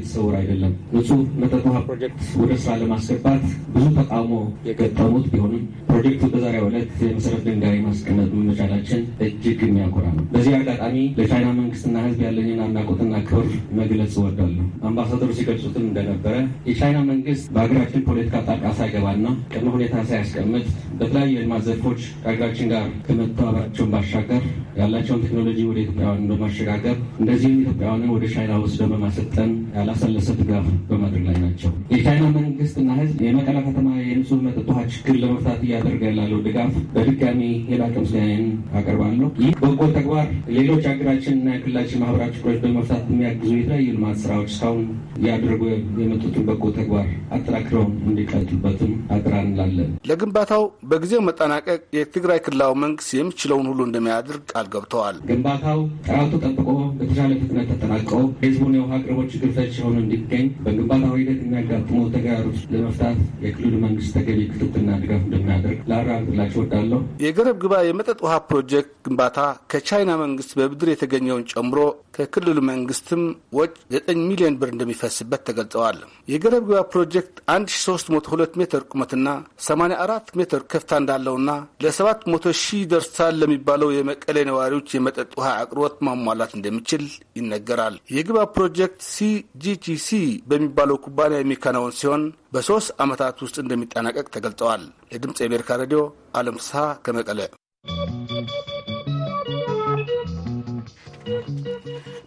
የተሰወረ አይደለም። ንጹህ መጠጥ ውሃ ፕሮጀክት ወደ ስራ ለማስገባት ብዙ ተቃውሞ የገጠሙት ቢሆንም ፕሮጀክቱ በዛሬው ዕለት የመሰረት ድንጋይ ማስቀመጥ መቻላችን እጅግ የሚያኮራ ነው። በዚህ አጋጣሚ ለቻይና መንግስትና ህዝብ ያለኝን አድናቆትና ክብር መግለጽ እወዳለሁ። አምባሳደሩ ሲገልጹትም እንደነበረ የቻይና መንግስት በሀገራችን ፖለቲካ ጣልቃ ሳይገባና ቅድመ ሁኔታ ሳያስቀምጥ በተለያዩ የልማት ዘርፎች ከሀገራችን ጋር ከመተባበራቸውን ባሻገር ያላቸውን ቴክኖሎጂ ወደ ኢትዮጵያውያን በማሸጋገር እንደዚህም ኢትዮጵያውያንን ወደ ቻይና ወስደው በማሰልጠን ያለ ያላሰለሰ ድጋፍ በማድረግ ላይ ናቸው። የቻይና መንግስትና ህዝብ የመቀለ ከተማ የንጹህ መጠጥ ውሃ ችግር ለመፍታት እያደረገ ያለው ድጋፍ በድጋሚ የላቀ ምስጋናዬን አቀርባለሁ። ይህ በጎ ተግባር ሌሎች ሀገራችንና የክልላችን ማህበራዊ ችግሮች በመፍታት የሚያግዙ የተለያዩ ልማት ስራዎች እስካሁን እያደረጉ የመጡትን በጎ ተግባር አጠናክረው እንዲቀጥሉበትም አጥራ እንላለን። ለግንባታው በጊዜው መጠናቀቅ የትግራይ ክልላዊ መንግስት የሚችለውን ሁሉ እንደሚያደርግ ቃል ገብተዋል። ግንባታው ጥራቱ ጠብቆ በተሻለ ፍጥነት ተጠናቀው ህዝቡን የውሃ አቅርቦት ችግር ፈች ሆኖ እንዲገኝ በግንባታው ሂደት የሚያጋጥመው ተግዳሮቶች ለመፍታት የክልሉ መንግስት ተገቢ ክትትልና ድጋፍ እንደሚያደርግ ላረጋግጥላችሁ እወዳለሁ። የገረብ ግባ የመጠጥ ውሃ ፕሮጀክት ግንባታ ከቻይና መንግስት በብድር የተገኘውን ጨምሮ ከክልሉ መንግስትም ወጭ 9 ሚሊዮን ብር እንደሚፈስበት ተገልጸዋል። የገረብ ግባ ፕሮጀክት 1302 ሜትር ቁመትና 84 ሜትር ከፍታ እንዳለውና ለ700 ሺህ ደርሳል ለሚባለው የመቀሌ ነዋሪዎች የመጠጥ ውሃ አቅርቦት ማሟላት እንደሚችል ይነገራል። የግባ ፕሮጀክት ሲጂቲሲ በሚባለው ኩባንያ የሚከናወን ሲሆን በሶስት ዓመታት ውስጥ እንደሚጠናቀቅ ተገልጸዋል። ለድምፅ የአሜሪካ ሬዲዮ አለም ፍስሐ ከመቀለ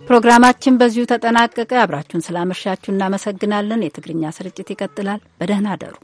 ፕሮግራማችን በዚሁ ተጠናቀቀ። አብራችሁን ስላመሻችሁ እናመሰግናለን። የትግርኛ ስርጭት ይቀጥላል። በደህና አደሩ።